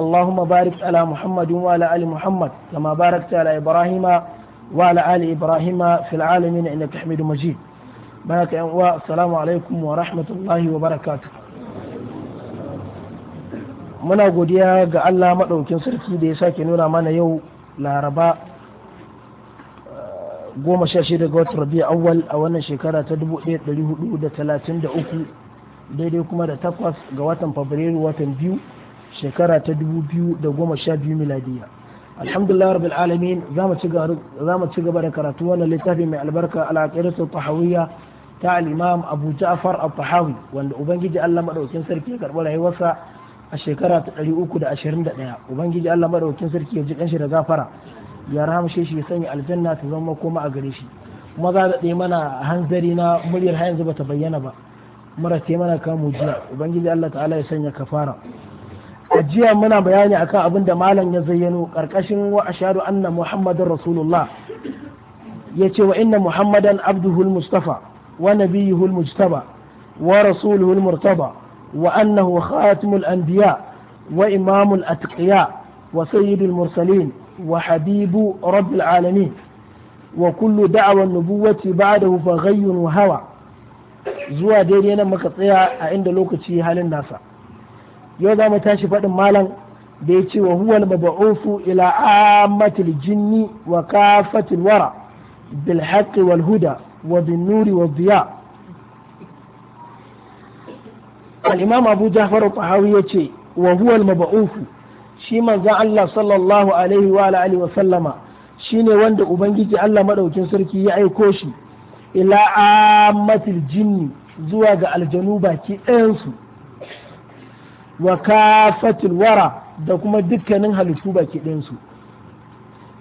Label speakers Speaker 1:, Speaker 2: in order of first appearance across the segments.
Speaker 1: اللهم بارك على محمد وعلى آل محمد كما باركت على إبراهيم وعلى آل إبراهيم في العالمين إنك حميد مجيد بارك السلام عليكم ورحمة الله وبركاته muna godiya ga Allah maɗaukin sarki da ya sake nuna mana yau laraba eh, goma sha shida ga watan rabi awwal a wannan shekara ta 1433 daidai kuma da takwas ga watan fabrairu watan biyu shekara ta 2012 miladiya alhamdulillah rabbil alamin za mu ci gaba da karatu wannan littafi mai albarka al-aqidatu tahawiyya ta al-imam Abu Ja'far al-Tahawi wanda ubangiji Allah madaukakin sarki ya karɓi rayuwarsa a shekara ta 321 ubangiji Allah madaukakin sarki ya ji kanshi da gafara ya rahamshe shi ya sanya aljanna ta zama koma a gare shi kuma za da mana hanzari na muryar har yanzu bata bayyana ba mara mana kamu jiya ubangiji Allah ta'ala ya sanya kafara jiya muna bayani akan abin da malam ya zayyano karkashin wa ashadu anna muhammadin rasulullah ya ce wa inna muhammadan abduhul mustafa wa nabiyuhul mujtaba wa rasuluhul murtaba wa annahu khatimul anbiya wa imamul atqiya wa sayyidul mursalin wa habibu rabbil alamin wa kullu da'awa nubuwati ba'dahu fa ghayyun wa hawa zuwa daidai nan muka tsaya a inda lokaci halin nasa yau za mu tashi faɗin malam da ya ce wa huwal mab'ufu ila ammatil jinni wa kafatil wara bil haqqi wal huda wa bin nuri wa diya al imam abu ja'far tahawi ya ce wa huwal mab'ufu shi manzon Allah sallallahu alaihi wa alihi wa sallama shine wanda ubangiji Allah madaukin sarki ya aiko shi ila ammatil jinni zuwa ga aljanu baki ɗayansu su wa kafatul wara da kuma dukkanin halittu baki ɗansu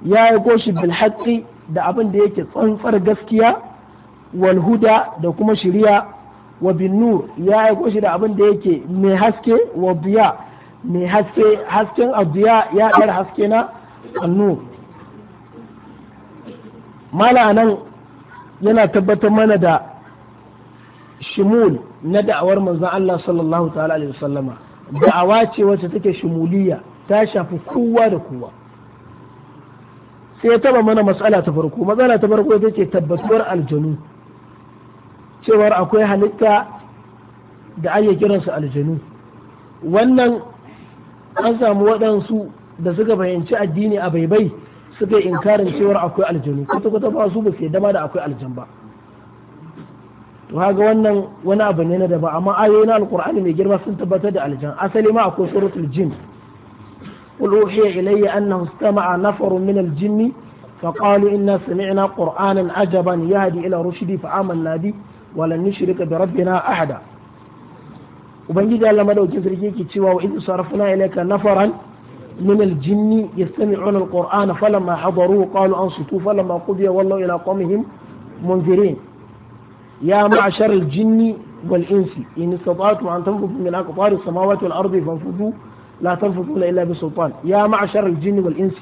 Speaker 1: ya yi goshi bilhatsi da abin da yake tsantsar gaskiya Walhuda da kuma Shirya wa bin nur ya yi goshi da abin da yake mai haske wa biya mai haske hasken abiya ya ɗara haske na annu mala nan yana tabbatar mana da shimul na da'awar manzon Allah sallallahu ta'ala alaihi wasallama da'awa ce wacce take shimuliya ta shafi kowa da kowa sai ya taba mana matsala ta farko matsala ta farko ita ce tabbatuwar aljanu cewar akwai halitta da ake kiransu aljanu wannan an samu waɗansu da suka fahimci addini a baibai suka yi inkarin cewar akwai aljanu kwata-kwata ba su ba su dama da akwai aljan ba to haga wannan wani abu ne na daban amma ayoyi na alkur'ani mai girma sun tabbatar da aljan asali ma akwai suratul jin qul uhiya ilayya annahu istama'a nafarun min aljinni فقالوا إنا سمعنا ajaban عجبا يهدي إلى رشدي فآمنا به ولن نشرك بربنا أحدا ubangiji Allah madaukin sarki yake cewa wa idh sarafna ilayka nafaran min al-jinn yastami'una al-qur'ana falamma hadaruhu qalu ansitu falamma qudiya wallahu ila ya ma'ashar al-jinni wal insi in istata'tum an tanfudu min aqtari as-samawati wal ardi fanfudu لا تنفذون إلا بسلطان يا معشر الجن والإنس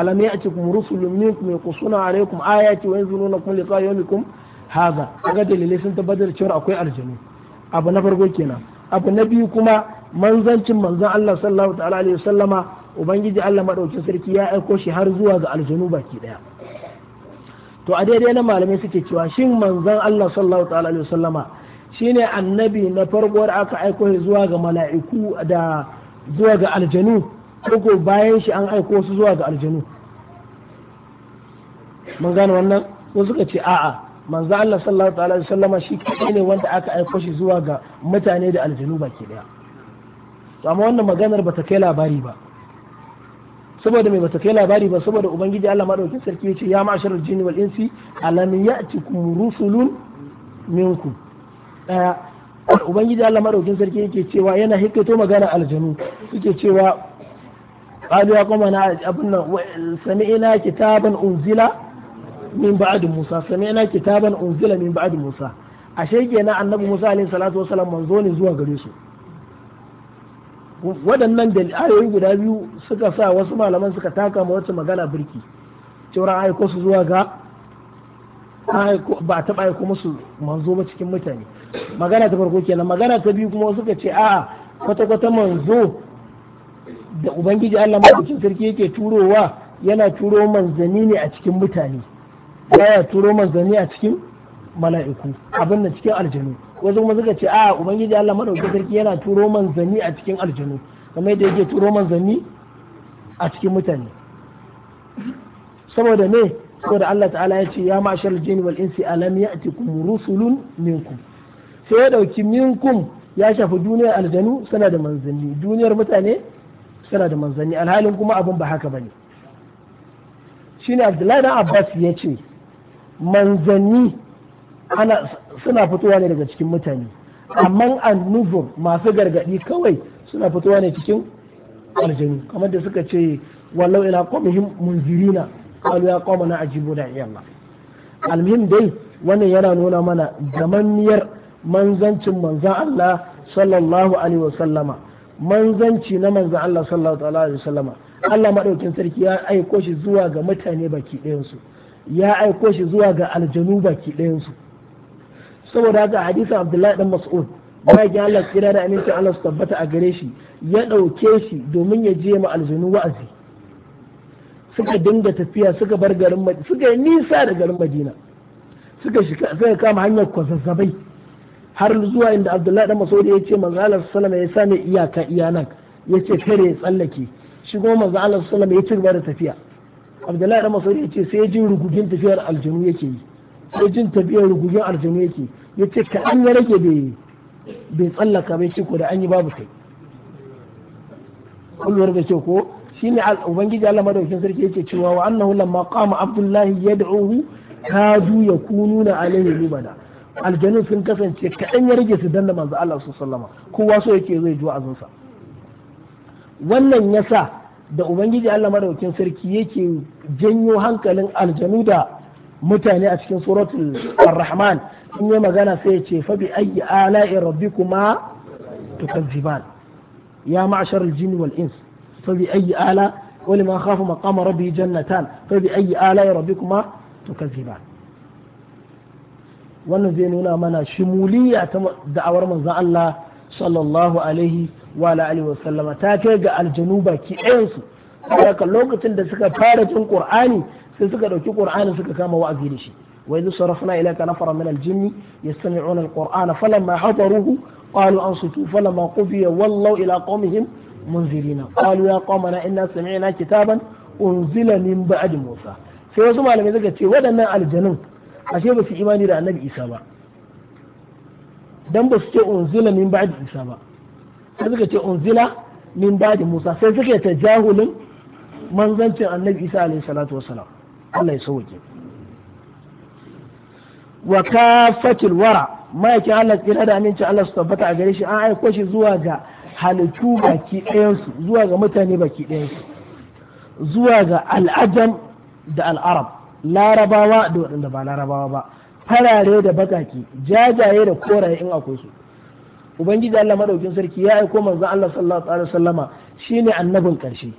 Speaker 1: ألم يأتكم رسل منكم يقصون عليكم آياتي وينزلونكم لقاء يومكم هذا أقد اللي سنت بدر شر أكوي أرجمي أبو نفر كنا أبو نبي كما منزل منزل الله صلى الله عليه وسلم وبنجي الله مدعو تسركي يا أكوشي هرزوا هذا الجنوب كده to a daidai na malamai suke cewa shin manzon Allah sallallahu ta'ala alaihi wasallama shine annabi na farko da aka aiko zuwa ga mala'iku da zuwa ga aljanu ko bayan shi an aiko su zuwa ga aljanu mun gane wannan ko suka ce a'a Manzon Allah sallallahu ta'ala alaihi wasallama shi kai ne wanda aka aiko shi zuwa ga mutane da aljanu baki daya to amma wannan maganar bata kai labari ba saboda mai bata kai labari ba saboda ubangiji Allah madaukakin sarki yace ya ma'asharal jinni wal insi alam ya'tikum rusulun minkum daya ubangiji Allah madaukakin sarki yake cewa yana hikkato magana aljanu yake cewa qalu ya kuma na abun nan sami'na kitaban unzila min ba'd musa sami'na kitaban unzila min ba'd musa ashe kenan annabi musa alaihi salatu wasallam manzo ne zuwa gare su waɗannan da ayoyi guda biyu suka sa wasu malaman suka taka ma wacce magana birki cewar aiko su zuwa ga ba taɓa aiko musu manzo ba cikin mutane magana ta farko kenan magana ta biyu kuma suka ce a'a kwata-kwata manzo da ubangiji Allah madaukakin sarki yake turowa yana turo manzanni ne a cikin mutane baya turo manzanni a cikin mala'iku abin da cikin aljanu wasu kuma suka ce a ubangiji Allah madauki sarki yana turo manzanni a cikin aljanu kamar yadda yake turo manzanni a cikin mutane saboda me saboda Allah ta'ala ya ce ya ma'ashar jini wal insi alam ya'tikum rusulun minkum sai ya dauki minkum ya shafi duniyar aljanu suna da manzanni duniyar mutane suna da manzanni alhalin kuma abin ba haka bane shine Abdullahi Abbas ya ce manzanni ana suna fitowa ne daga cikin mutane amma annubur masu gargadi kawai suna fitowa ne cikin aljanu kamar da suka ce wallau ila qawmihim munzirina qalu ya qawmana ajibu da yalla almuhim dai wannan yana nuna mana gamanniyar manzancin manzan Allah sallallahu alaihi wasallama manzanci na manzan Allah sallallahu alaihi wasallama Allah maɗaukin sarki ya aiko shi zuwa ga mutane baki ɗayansu ya aiko shi zuwa ga aljanu baki ɗayansu saboda haka hadisin abdullahi dan mas'ud ya Allah tsira da aminci Allah su tabbata a gare shi ya ɗauke shi domin ya je ma aljanu wa'azi suka dinga tafiya suka bar garin Madina suka yi nisa da garin Madina suka shiga suka kama hanyar kwazazzabai har zuwa inda Abdullahi dan Mas'ud ya ce manzo Allah sallallahu ya same iyaka iyanan ya ce kare ya tsallake shi kuma manzo Allah sallallahu ya ci gaba da tafiya Abdullahi dan Mas'ud ya ce sai jin rugugin tafiyar aljanu yake yi sai jin tafiyar rugugin aljanu yake yi ya ce ka an ya rage bai tsallaka bai ce ko da an yi babu kai kullum da ce ko ne ubangiji Allah madaukakin sarki yake cewa wa annahu lamma qama abdullahi yad'uhu kadu yakununa alaihi libada aljanu sun kasance kaɗan ya rage su danna manzo Allah su sallama kowa so yake zai ji wa'azinsa wannan yasa da ubangiji Allah madaukakin sarki yake janyo hankalin aljanu da mutane a cikin suratul ar-rahman in yi magana sai ya ce fa bi ayyi ala'i rabbikuma tukazziban ya ma'shar al-jinn wal ins fa bi ayyi ala wa liman khafa maqama rabbi jannatan fa bi ayyi ala'i rabbikuma tukazziban wannan zai nuna mana shimuliya ta da'awar manzon Allah sallallahu alaihi wa alihi wa sallama ta kai ga aljanu baki ɗayansu daga lokacin da suka fara jin qur'ani sai suka dauki qur'ani suka kama wa'azi da shi wa idh sarafna ilayka nafara min al-jinn yastami'una al-qur'ana falamma hadaruhu qalu ansitu falamma qudiya wallaw ila qaumihim munzirina qalu ya qaumana inna sami'na kitaban unzila min ba'di musa sai wasu malamai suka ce waɗannan aljanun ashe ba su imani da annabi isa ba dan ba su ce unzila min ba'di isa ba sai suka ce unzila min ba'di musa sai suka ta jahulin manzancin annabi isa alaihi salatu wasalam Allah ya sauke wa kafatul wara ma'aikin Allah tsira da amincin Allah su tabbata a gare shi an aiko shi zuwa ga halittu baki ɗayansu zuwa ga mutane baki ɗayansu zuwa ga al'ajam da al'arab larabawa da waɗanda ba larabawa ba farare da bakaki jajaye da koraye in akwai su ubangiji Allah madaukin sarki ya aiko manzon Allah sallallahu alaihi wasallama shine annabin ƙarshe.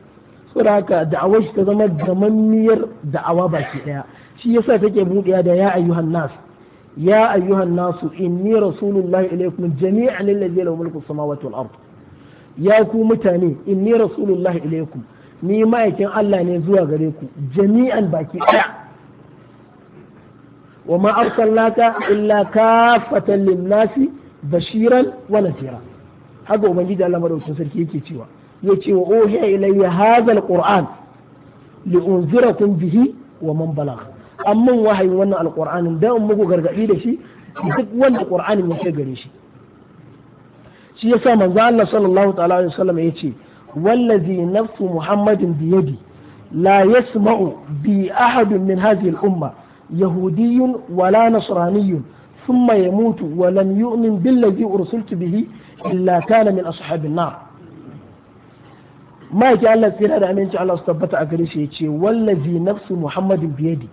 Speaker 1: saboda haka da'awar shi ta zama gamammiyar da'awa baki ɗaya shi yasa take buɗewa da ya ayyuhan nas ya ayyuhan nasu inni rasulullahi ilaikum jami'an lillazi lahu mulku samawati wal ard ya ku mutane inni rasulullahi ilaikum ni ma'aikin Allah ne zuwa gare ku jami'an baki ɗaya wa ma arsalnaka illa kafatan lin-nasi bashiran wa nadira haka ubangiji Allah madaukakin sarki yake cewa يجي وأوحي إلي هذا القرآن لأنذركم به ومن بلغ أما واحد من القرآن ده أمكو غير إلى شيء يتك القرآن من شيء قريش شيء سامة الله صلى الله عليه وسلم يجي والذي نفس محمد بيدي لا يسمع بأحد من هذه الأمة يهودي ولا نصراني ثم يموت ولم يؤمن بالذي أرسلت به إلا كان من أصحاب النار ma'aikin Allah tsira da aminci Allah su tabbata a gare shi ya ce wallazi nafsi muhammadin biyadi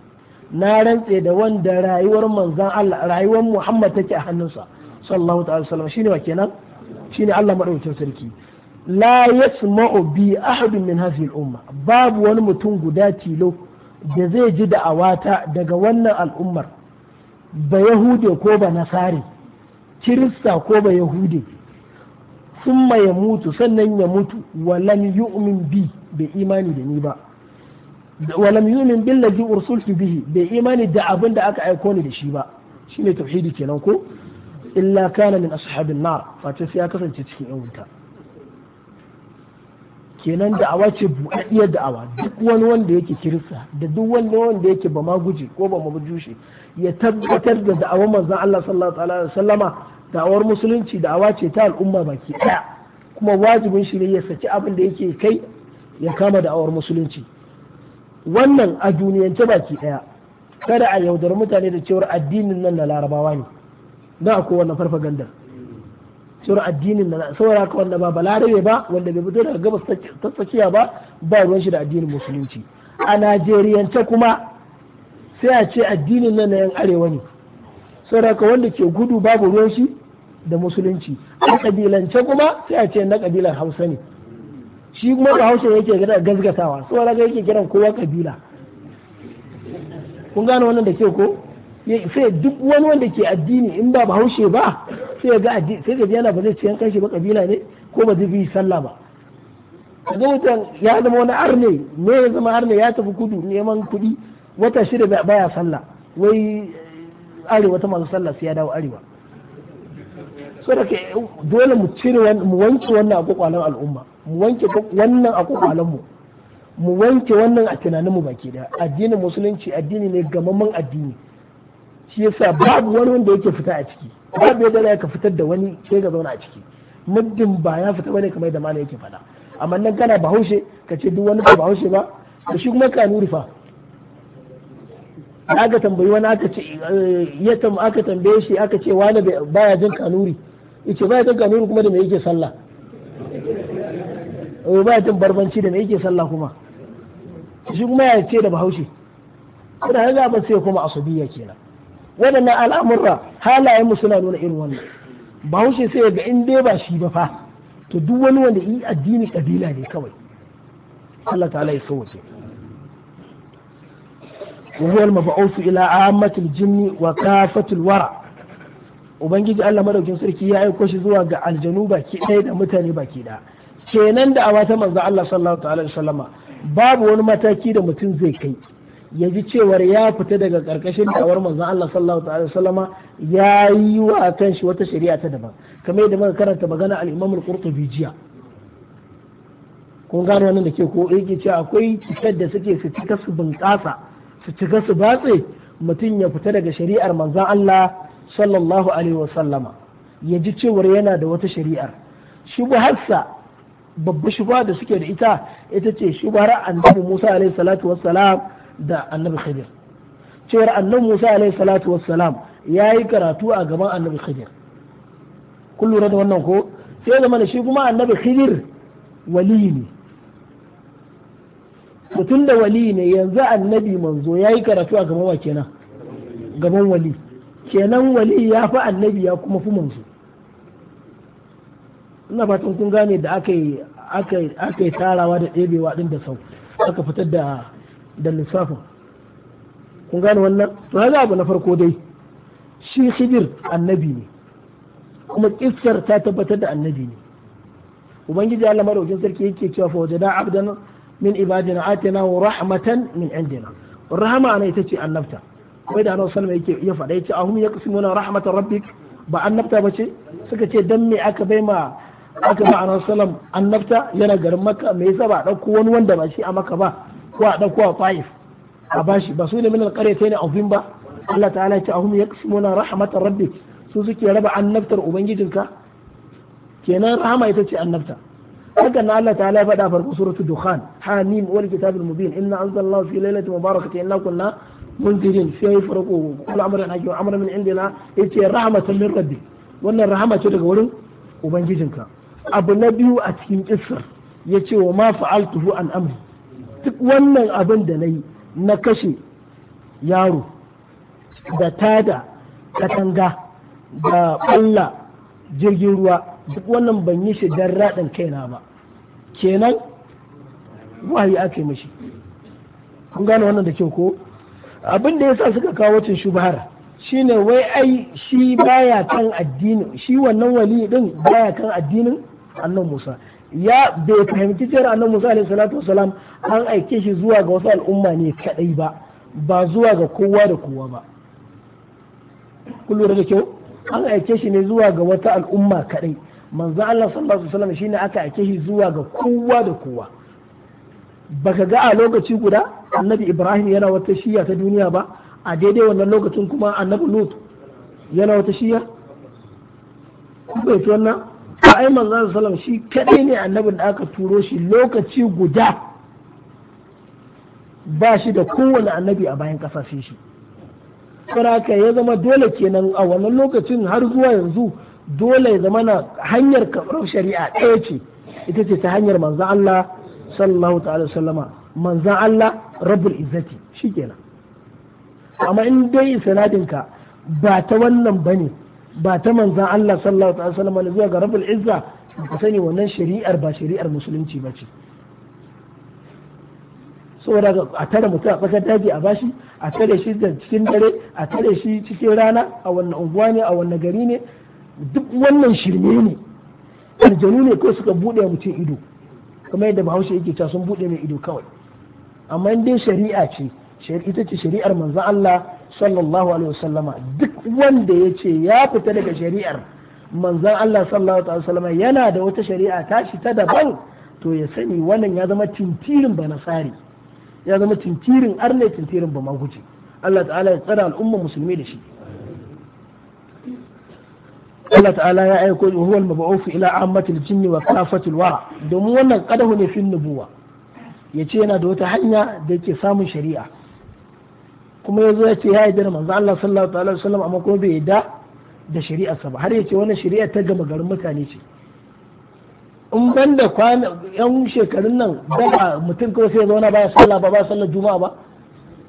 Speaker 1: na rantse da wanda rayuwar manzan Allah rayuwar muhammad take a hannunsa sallallahu ta'ala sallama shine wa kenan shine Allah madaukakin sarki la yasma'u bi ahadin min hadhihi al-umma babu wani mutum guda tilo da zai ji da'awata daga wannan al'ummar ba yahude ko ba nasari kirista ko ba yahude summa ya mutu sannan ya mutu walam yu'min bi bai imani da ni ba walam yu'min billazi ursultu bihi bai imani da abin da aka aiko ni da shi ba shine tauhidi kenan ko illa kana min ashabin nar face sai ya kasance cikin yan wuta kenan da'awa ce buɗaɗɗiyar da'awa duk wani wanda yake kirista da duk wani wanda yake ba ma guje ko ba ma bujushe ya tabbatar da da'awar manzon Allah sallallahu alaihi wasallama da'awar musulunci da'awa ce ta al'umma baki ɗaya kuma wajibin shi ne ya saki abin da yake kai ya kama da'awar musulunci wannan a duniyance baki ɗaya kada a yaudar mutane da cewar addinin nan na larabawa ne na akwai wannan gandar cewar addinin nan saboda ka wanda ba balarabe ba wanda bai fito daga gabas ta tsakiya ba ba ruwan shi da addinin musulunci a najeriyance kuma sai a ce addinin nan na yan arewa ne saboda wanda ke gudu babu ruwan shi da musulunci a kabilance kuma sai a ce na kabilar hausa ne shi kuma ba hausa yake gida gazgatawa wani raga yake kiran kowa kabila kun gane wannan da ke ko sai duk wani wanda ke addini in ba bahaushe ba sai ga addini sai ga yana ba zai ciyan kanshi ba kabila ne ko ba zai bi sallah ba kaga wutan ya zama wani arne ne ya zama arne ya tafi kudu neman kuɗi wata shida baya sallah wai arewa ta masu sallah sai ya dawo arewa saboda dole mu cire mu wanke wannan a kwakwalen al'umma mu wanke wannan a kwakwalen mu mu wanke wannan a tunanin mu baki da addinin musulunci addini ne gamamman addini shi yasa babu wani wanda yake fita a ciki babu yadda ka fitar da wani ke ga zauna a ciki muddin ba ya fita bane kamar da mana yake fada amma nan kana bahaushe ka ce duk wani ba bahaushe ba to shi kuma ka fa aka tambayi wani aka ce eh, ya aka tambaye shi aka ce wani baya jin kanuri yace baya jin kanuri kuma da me yake sallah
Speaker 2: eh,
Speaker 1: ba ya jin barbanci da me yake sallah kuma shi kuma ya ce da bahaushe kuna haka ba sai kuma asubiya kenan waɗannan al'amurra halayen mu suna nuna irin wannan bahaushe sai ga in dai ba shi ba fa to duk wani wanda yi addini kabila ne kawai Allah ta'ala ya sauke وهو المبعوث إلى عامة الجن وكافة الورع ubangiji Allah madaukin sarki ya aiko shi zuwa ga aljanu baki ɗaya da mutane baki ɗaya kenan da awa ta manzo Allah sallallahu babu wani mataki da mutum zai kai ya ji cewar ya fita daga karkashin da'awar manzo Allah sallallahu ya yi wa kan shi wata shari'a ta daban kamar yadda muka karanta magana al-Imam al-Qurtubi jiya kun gano wannan da ke ko yake cewa akwai cutar da suke su cika su bunƙasa su cika su batse mutum ya fita daga shari'ar manzon Allah sallallahu alaihi wasallama ya ji cewar yana da wata shari'ar shubuharsa babba shubha da suke da ita ita ce shubhar annabi Musa alaihi salatu wassalam da annabi Khidir cewar annabi Musa alaihi salatu wassalam ya yi karatu a gaban annabi Khidir kun lura da wannan ko sai zama da shi kuma annabi Khidir wali ne mutum da wali ne yanzu annabi manzo ya yi karatu a gaban wa kenan gaban wali kenan wali ya fi annabi ya kuma fi manzo ina fatan kun gane da aka yi aka yi tarawa da ɗebewa ɗin da sau aka fitar da da lissafin kun gane wannan to haka abu na farko dai shi hijir annabi ne kuma kissar ta tabbatar da annabi ne ubangiji Allah madaukin sarki yake cewa fa wajada abdan min ibadina atina wa rahmatan min indina rahama ana ita ce annabta wai da annabi sallallahu alaihi ya faɗa yace ahum yaqsimuna rahmatar rabbik ba annabta ba ce suka ce dan me aka bai ma aka ba annabi sallam annabta yana garin makka me yasa ba dauko wani wanda ba shi a makka ba ko a dauko a faif a bashi ba su ne min ne azim ba Allah ta'ala ya ce ahum yaqsimuna rahmatar rabbik su suke raba annabtar ubangijinka kenan rahama ita ce annabta haka na Allah ta'ala ya faɗa farko suratul dukhan hamim wal kitabil mubin inna anzalallahu fi lailatin mubarakatin inna kunna mundirin sai farko kul amran hakim amran min indina yace rahmatan min rabbi wannan rahama ce daga wurin ka. abu na biyu a cikin kissar yace wa ma fa'altuhu an amri duk wannan abin da nayi na kashe yaro da tada katanga da balla jirgin ruwa duk wannan ban yi shi dan radin kaina ba kenan wahayi ake mishi kun gane wannan da kyau ko abin da yasa suka kawo wacin shubhar shine wai ai shi baya kan addinin shi wannan wali din baya kan addinin annabi Musa ya bai fahimci cewa annabi Musa alaihi salatu wasalam an aike shi zuwa ga wasu al'umma ne kadai ba ba zuwa ga kowa da kowa ba kun lura da kyau an aike shi ne zuwa ga wata al'umma kadai manzo Allah sallallahu alaihi wasallam shine aka aike shi zuwa ga kowa da kowa baka ga a lokaci guda annabi ibrahim yana wata shiya ta duniya ba a daidai wannan lokacin kuma annabi lut yana wata shiya kuma wannan a ai manzo shi kadai ne annabin da aka turo shi lokaci guda ba shi da kowane annabi a bayan kasa sai shi haka ya zama dole kenan a wannan lokacin har zuwa yanzu dole ya zama na hanyar karɓar shari'a ɗaya ce ita ce ta hanyar manzan Allah sallallahu ta'ala sallama manzan Allah rabbul izzati shikenan amma in dai sanadin ka ba ta wannan bane ba ta manzan Allah sallallahu alaihi wasallam zuwa ga rabbul izza ka sani wannan shari'ar ba shari'ar musulunci ba ce saboda a tare mutum a tsakar daji a bashi a tare shi da cikin dare a tare shi cikin rana a wannan unguwa ne a wannan gari ne duk wannan shirme ne aljanu ne kawai suka buɗe mutum ido kamar yadda bahaushe yake ta sun buɗe mai ido kawai amma in dai shari'a ce ita ce shari'ar manzo Allah sallallahu alaihi wasallama duk wanda ya ce ya fita daga shari'ar manzan Allah sallallahu alaihi wasallama yana da wata shari'a tashi ta daban to ya sani wannan ya zama tintirin ba nasari ya zama tintirin arne tintirin ba maguji Allah ta'ala ya tsara al'umma musulmi da shi Allah ta'ala ya aiko huwal mab'uf ila ammatil jinni wa kafatil wara domin wannan qadahu ne fin nubuwa ya ce yana da wata hanya da yake samun shari'a kuma ya zo ya ce ya yi da manzo Allah sallallahu alaihi sallam amma kuma bai da da sa ba har ya ce wannan shari'a ta gama garin mutane ce in ban da yan shekarun nan ba mutum kawai sai zauna ya sallah ba ba sallah juma'a ba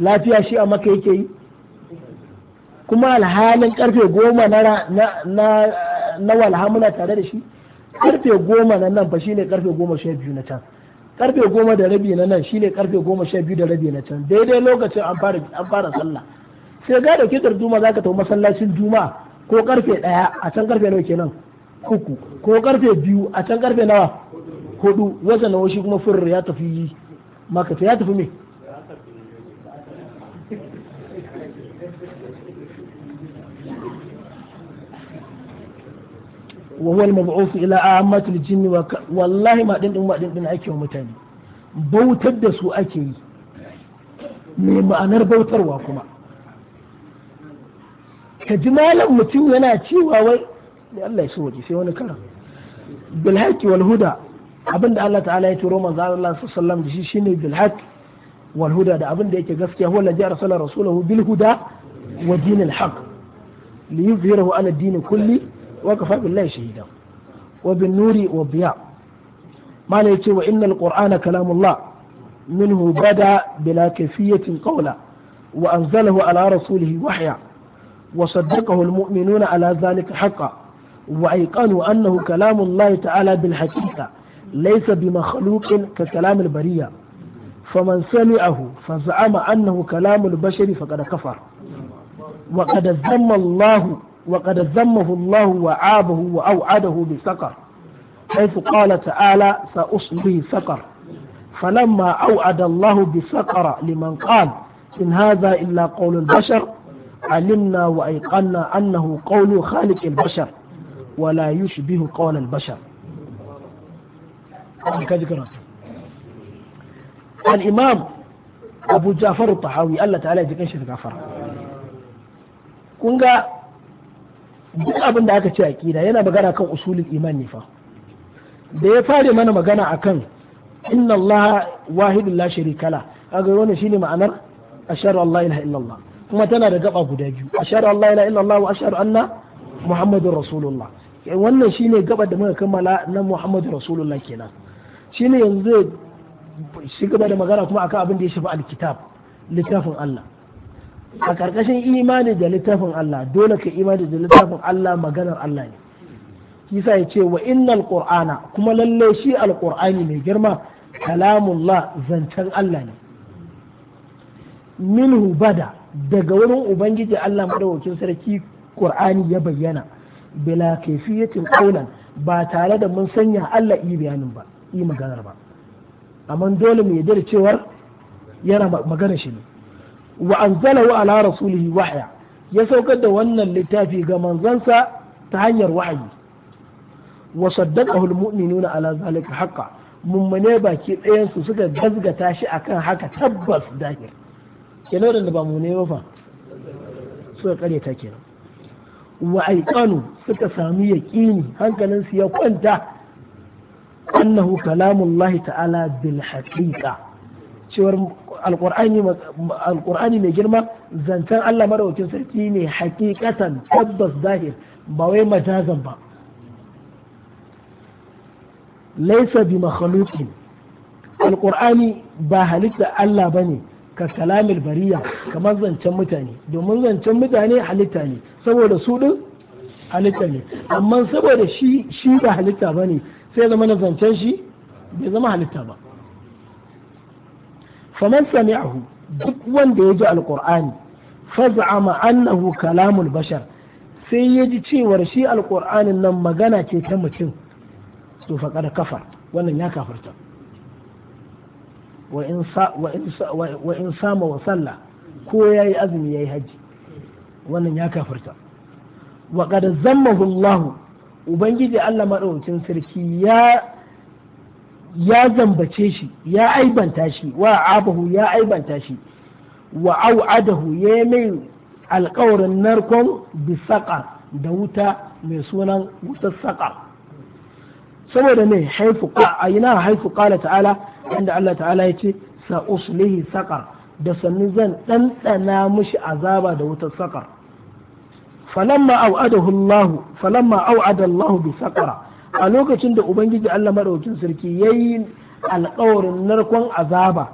Speaker 1: lafiya shi a maka yake yi kuma alhalin karfe goma na na na tare da shi karfe goma na nan fa shine karfe goma sha biyu na can karfe goma da rabi na nan shine karfe goma sha biyu da rabi na can daidai lokacin an fara sallah sai ga duma za zaka tafi masallacin juma'a ko karfe ɗaya a can karfe nawa kenan uku ko karfe biyu a can karfe nawa hudu wasa na shi kuma furar ya tafi maka ya tafi me wa huwa al-mab'uth ila ammatil jinni wa wallahi ma din ma din ake mutane bautar da su ake yi
Speaker 2: mai ma'anar bautarwa
Speaker 1: kuma ka ji malam mutum yana cewa wai Allah ya so waje sai wani karam bil haqqi wal abinda Allah ta'ala ya turo manzo Allah sallallahu alaihi da shi shine bil haqq wal da abinda yake gaskiya huwa allazi arsala rasulahu bil huda wa dinil haqq liyuzhirahu kulli وكفى بالله شهيدا وبالنور وبياء ما لا وإن القرآن كلام الله منه بدا بلا كيفية قولا وأنزله على رسوله وحيا وصدقه المؤمنون على ذلك حقا وأيقنوا أنه كلام الله تعالى بالحقيقة ليس بمخلوق ككلام البرية فمن سمعه فزعم أنه كلام البشر فقد كفر
Speaker 2: وقد ذم
Speaker 1: الله وقد ذمه الله وعابه وأوعده بسقر حيث قال تعالى سأصلي سقر فلما أوعد الله بسقر لمن قال إن هذا إلا قول البشر علمنا وأيقنا أنه قول خالق البشر ولا يشبه قول البشر الإمام أبو جعفر الطحاوي الله تعالى يجزيه كفر كونغا duk abin da aka ce aqida yana magana kan usulul iman ne fa da ya fare mana magana akan inna Allah wahidul la sharika la kaga wannan shine ma'anar asharu an la ilaha illallah kuma tana da gaba guda biyu asharu an la ilaha illallah wa asharu anna muhammadur rasulullah wannan shine gaba da muka kammala na muhammadur rasulullah kenan shine yanzu shi gaba da magana kuma akan abin da ya shafi alkitab littafin Allah a ƙarƙashin imani da littafin Allah dole ka imani da littafin Allah maganar Allah ne kisa ya ce wa innal qur'ana kuma lalle shi alqur'ani mai girma kalamullah zancen Allah ne minhu bada daga wurin ubangiji Allah madaukakin sarki ƙur'ani ya bayyana bila kayfiyatin qawlan ba tare da mun sanya Allah yi bayanin ba yi maganar ba amma dole mai yarda cewar yana maganar shi ne wa anzalahu ala rasulihi wahya ya saukar da wannan littafi ga manzansa ta hanyar wahayi wa saddaqahu almu'minuna ala zalika haqqan mummune baki ɗayan su suka gazgata shi akan haka tabbas dahir kenan da ba mu ne ba fa suka kare ta kenan wa aiqanu suka sami yaqini hankalin su ya kwanta annahu kalamullahi ta'ala bil haqiqa cewar alkur'ani mai girma zancen Allah maraukin sarki ne hakikatan tabbas zahir ba wai majazan ba laisa bi makhluqin alkur'ani ba halitta Allah bane ka kalamil bariya kamar zancen mutane domin zancen mutane halitta ne saboda su din halitta ne amma saboda shi shi ba halitta bane sai zama na zancen shi bai zama halitta ba faman sami'ahu duk wanda ya ji alqur'ani faz'ama annahu kalamul bashar sai ya ji cewar shi alqur'anin nan magana ce ta mutum to faqad kafar wannan ya kafarta wa in sama wa salla ko yayi azumi yayi haji wannan ya kafarta wa qad zammahu Allah ubangiji Allah madaukakin sarki ya ya zambace shi ya aibanta shi wa abahu ya aibanta shi wa au'adahu ya yi mai alkawarin narkon bisaka da wuta mai sunan wutar saka saboda ne haifu a yana haifu kala ta'ala inda Allah ta'ala ya ce sa uslihi saƙar da sannu zan ɗanɗana mushi azaba da wutar saƙar falamma au'adahu Allah falamma a lokacin da ubangiji Allah maɗaukin sarki ya yi alƙawarin narkon azaba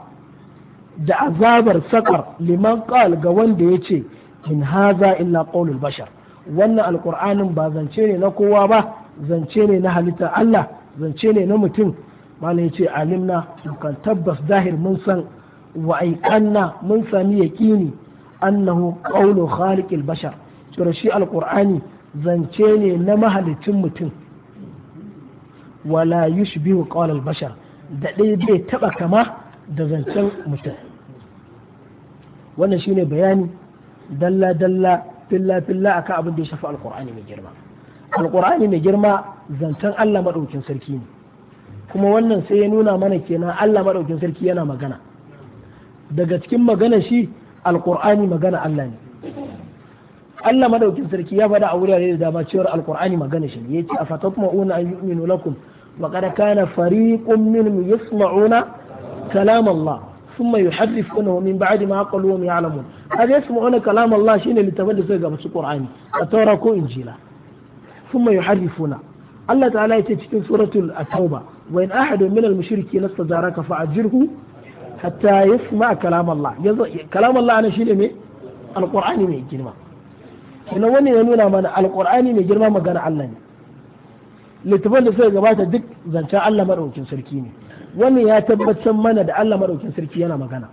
Speaker 1: da azabar sakar liman ƙal ga wanda ya ce in haza illa qawlul bashar wannan alƙur'anin ba zance ne na kowa ba zance ne na halitta Allah zance ne na mutum malam ya ce alimna dukkan tabbas dahir mun san wa mun sami yaƙini annahu qawlu khaliqil bashar to shi alƙur'ani zance ne na mahalicin mutum wala yushbihu qawl al-bashar da ɗaya bai taɓa kama da zancen mutum wannan shine bayani dalla dalla filla filla akan abin da ya shafi alqur'ani mai girma alqur'ani mai girma zancen Allah madaukin sarki ne kuma wannan sai ya nuna mana kenan Allah madaukin sarki yana magana daga cikin magana shi alqur'ani magana Allah ne Allah madaukin sarki ya faɗa a wurare da dama cewar alqur'ani magana shi ne yace afatatma'una an yu'minu lakum وقد كان فريق منهم يسمعون كلام الله ثم يحرفونه من بعد ما قالوا يعلمون هذا يسمعون كلام الله شيء اللي تبدل سيقا بس القرآن التوراة إنجيلا ثم يحرفونه الله تعالى يتجتن سورة التوبة وإن أحد من المشركين استجارك فأجره حتى يسمع كلام الله كلام الله أنا شيء مي القرآن مي جنما إنه وني ينونا من القرآن مي جنما مغانا الله littafin da suka gabata duk zancen Allah maɗaukin sarki ne wannan ya tabbatar mana da Allah maɗaukin sarki yana magana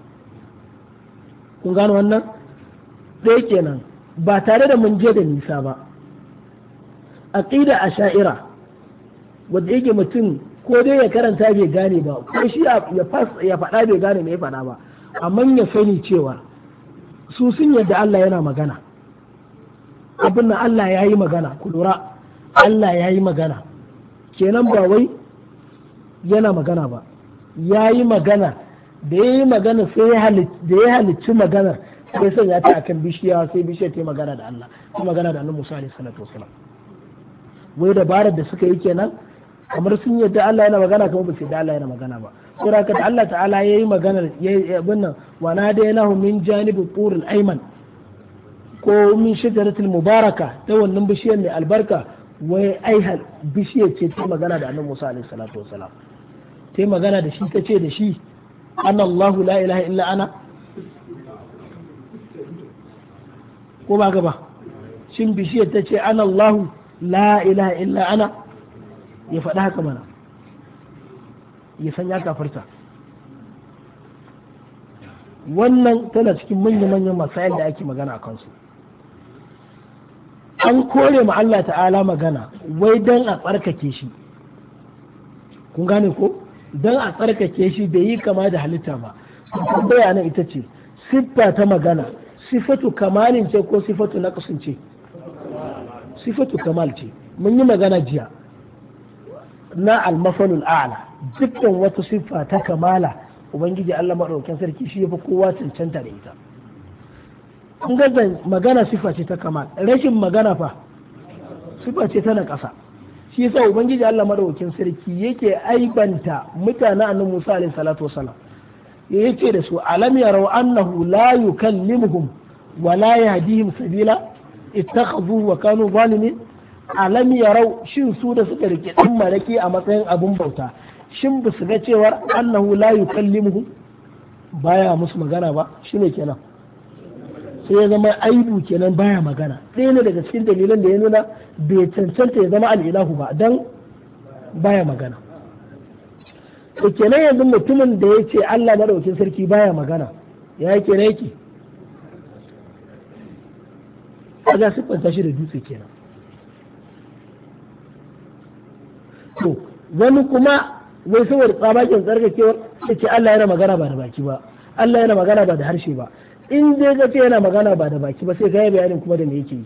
Speaker 1: kun gano wannan ɗaya kenan ba tare da mun je da nisa ba aqida a sha'ira wadda yake mutum ko dai ya karanta bai gane ba ko shi ya faɗa bai gane mai faɗa ba amma ya sani cewa su sun yadda Allah yana magana abin da Allah ya yi magana ku lura Allah ya yi magana kenan ba wai yana magana ba ya yi magana da ya yi magana sai ya halicci maganar sai sanya ta akan bishiya sai bishiya ta yi magana da Allah ta magana da Allah Musa alaihi salatu wasalam wai dabarar da suka yi kenan kamar sun yadda Allah yana magana kamar ba sai da Allah yana magana ba saboda haka Allah ta'ala yayi magana yi abin nan wa nadaynahu min janibi turil ayman ko min shajaratil mubaraka ta wannan bishiyar mai albarka wai ai bishiyar ce ta magana da annabi Musa alaihi salatu wasalam ta magana da shi ta ce da shi anna Allahu la ilaha illa ana ko ba gaba shin bishiyar ta ce anna Allahu la ilaha illa ana ya faɗa haka mana ya sanya ya kafarta wannan tana cikin manya-manyan masayar da ake magana a kansu an kore ma Allah ta'ala magana wai dan a tsarkake shi kun gane ko dan a tsarkake shi bai yi kama da halitta ba tambaya nan ita ce siffa ta magana sifatu kamalin ce ko sifatu kasun ce sifatu kamal ce mun yi magana jiya na almafalul a'la dukkan wata siffa ta kamala ubangiji Allah madaukakin sarki shi yafi kowa cancanta da ita an gaza magana sifa ce ta kamal rashin magana fa sifa ce ta na ƙasa shi yasa ubangiji Allah madaukakin sarki yake aibanta mutane annabi Musa alaihi salatu wasalam yake da su alam yarau annahu la yukallimuhum wa la yahdihim sabila ittakhadhu wa kanu zalimin alam yarau shin su da suka rike dan maraki a matsayin abun bauta shin ba su ga cewar annahu la yukallimuhum baya musu magana ba shi shine kenan sai ya zama aibu kenan baya magana ɗaya ne daga cikin dalilan da ya nuna bai cancanta ya zama al'ilahu ba dan baya magana to kenan yanzu mutumin da ya ce Allah madaukin sarki baya magana ya yake na yake ga siffanta shi da dutse kenan to wani kuma wai saboda tsabakin tsarkakewar ya ce Allah yana magana ba da baki ba Allah yana magana ba da harshe ba in dai ka ce yana magana ba da baki ba sai ka yi bayanin kuma da me yake yi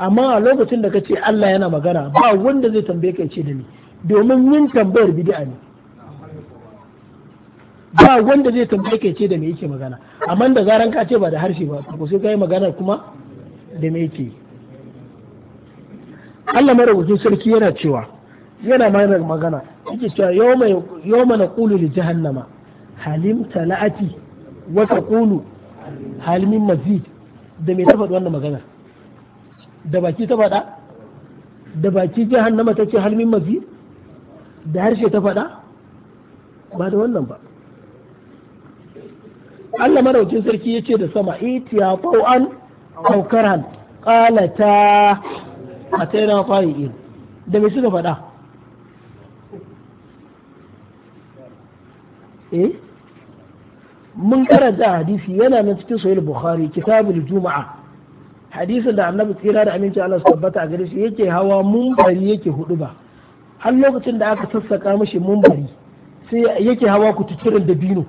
Speaker 1: amma a lokacin da ka ce Allah yana magana ba wanda zai tambaye ka ce da ni domin yin tambayar bid'a ne ba wanda zai tambaye ka ce da me yake magana amma da zaran ka ce ba da harshe ba ko sai ka yi magana kuma da me yake Allah marabutun sarki yana cewa yana mana magana yake cewa yawma yawma naqulu li jahannama halim tala'ati Wata kulu halimin mazid da mai ta faɗi wannan magana da baki ta faɗa da baki jahannama ta ce halimin mazid da harshe ta faɗa ba da wannan ba Allah maraukin sarki ya ce da sama itiya tau'an aukaran qalata ataina in da me suka faɗa eh mun karanta hadisi yana nan cikin sahih bukhari kitabul juma'a hadisin da annabi tsira da aminci Allah su tabbata a gare shi yake hawa munbari yake hudu ba har lokacin da aka sassaka mishi munbari sai yake hawa kututturin dabino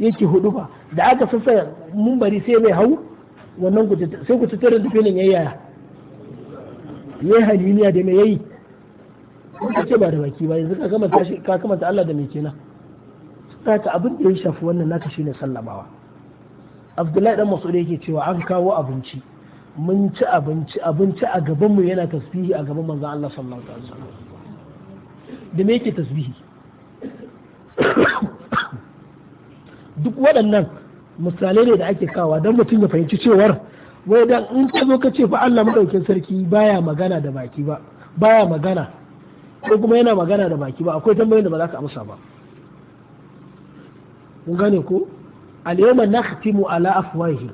Speaker 1: yake hudu ba da aka sassaka munbari sai mai hau wannan sai kututturin bino yayi yaya yayi haliniya da mai yayi ce ba da baki ba yanzu ka kamanta Allah da mai kenan ta abin da ya shafi wannan naka shine sallamawa abdullahi dan masu yake cewa an kawo abinci mun ci abinci abinci a gaban mu yana tasbihi a gaban manzon Allah sallallahu alaihi wasallam da me yake tasbihi duk waɗannan misalai ne da ake kawa don mutum ya fahimci cewar wai dan in ka zo ka ce fa Allah madaukin sarki baya magana da baki ba baya magana ko kuma yana magana da baki ba akwai tambayoyin da ba za ka amsa ba kun gane ko al nakhtimu ala afwahi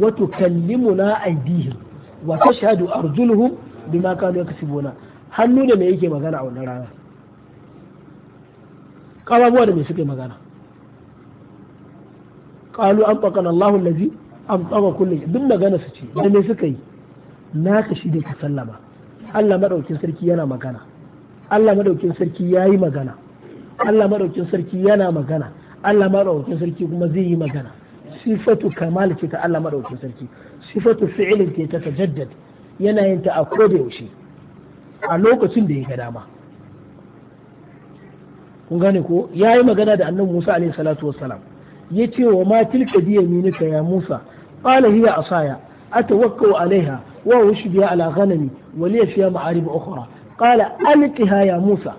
Speaker 1: wa tukallimuna aydihim wa tashhadu arjuluhum bima kanu yaksubuna hannu da me yake magana a wannan rana ƙababuwa da me suke magana qalu an Allahu allazi an kulli kullum duk magana su ce da me suka yi ka shi da ka sallama Allah madaukin sarki yana magana Allah madaukin sarki yayi magana Allah madaukin sarki yana magana Allah madaukakin sarki kuma zai yi magana sifatu kamal ce ta Allah madaukakin sarki sifatu fi'ilin ke ta tajaddad yana yin ta a koda yaushe a lokacin da ya ga dama kun gane ko ya yi magana da annabi Musa alaihi salatu wassalam ya ce wa ma tilka biya minika ya Musa ƙala hiya asaya atawakkau alaiha wa ushbiya ala ghanami wa li fiya ma'arib ukhra qala alqiha ya Musa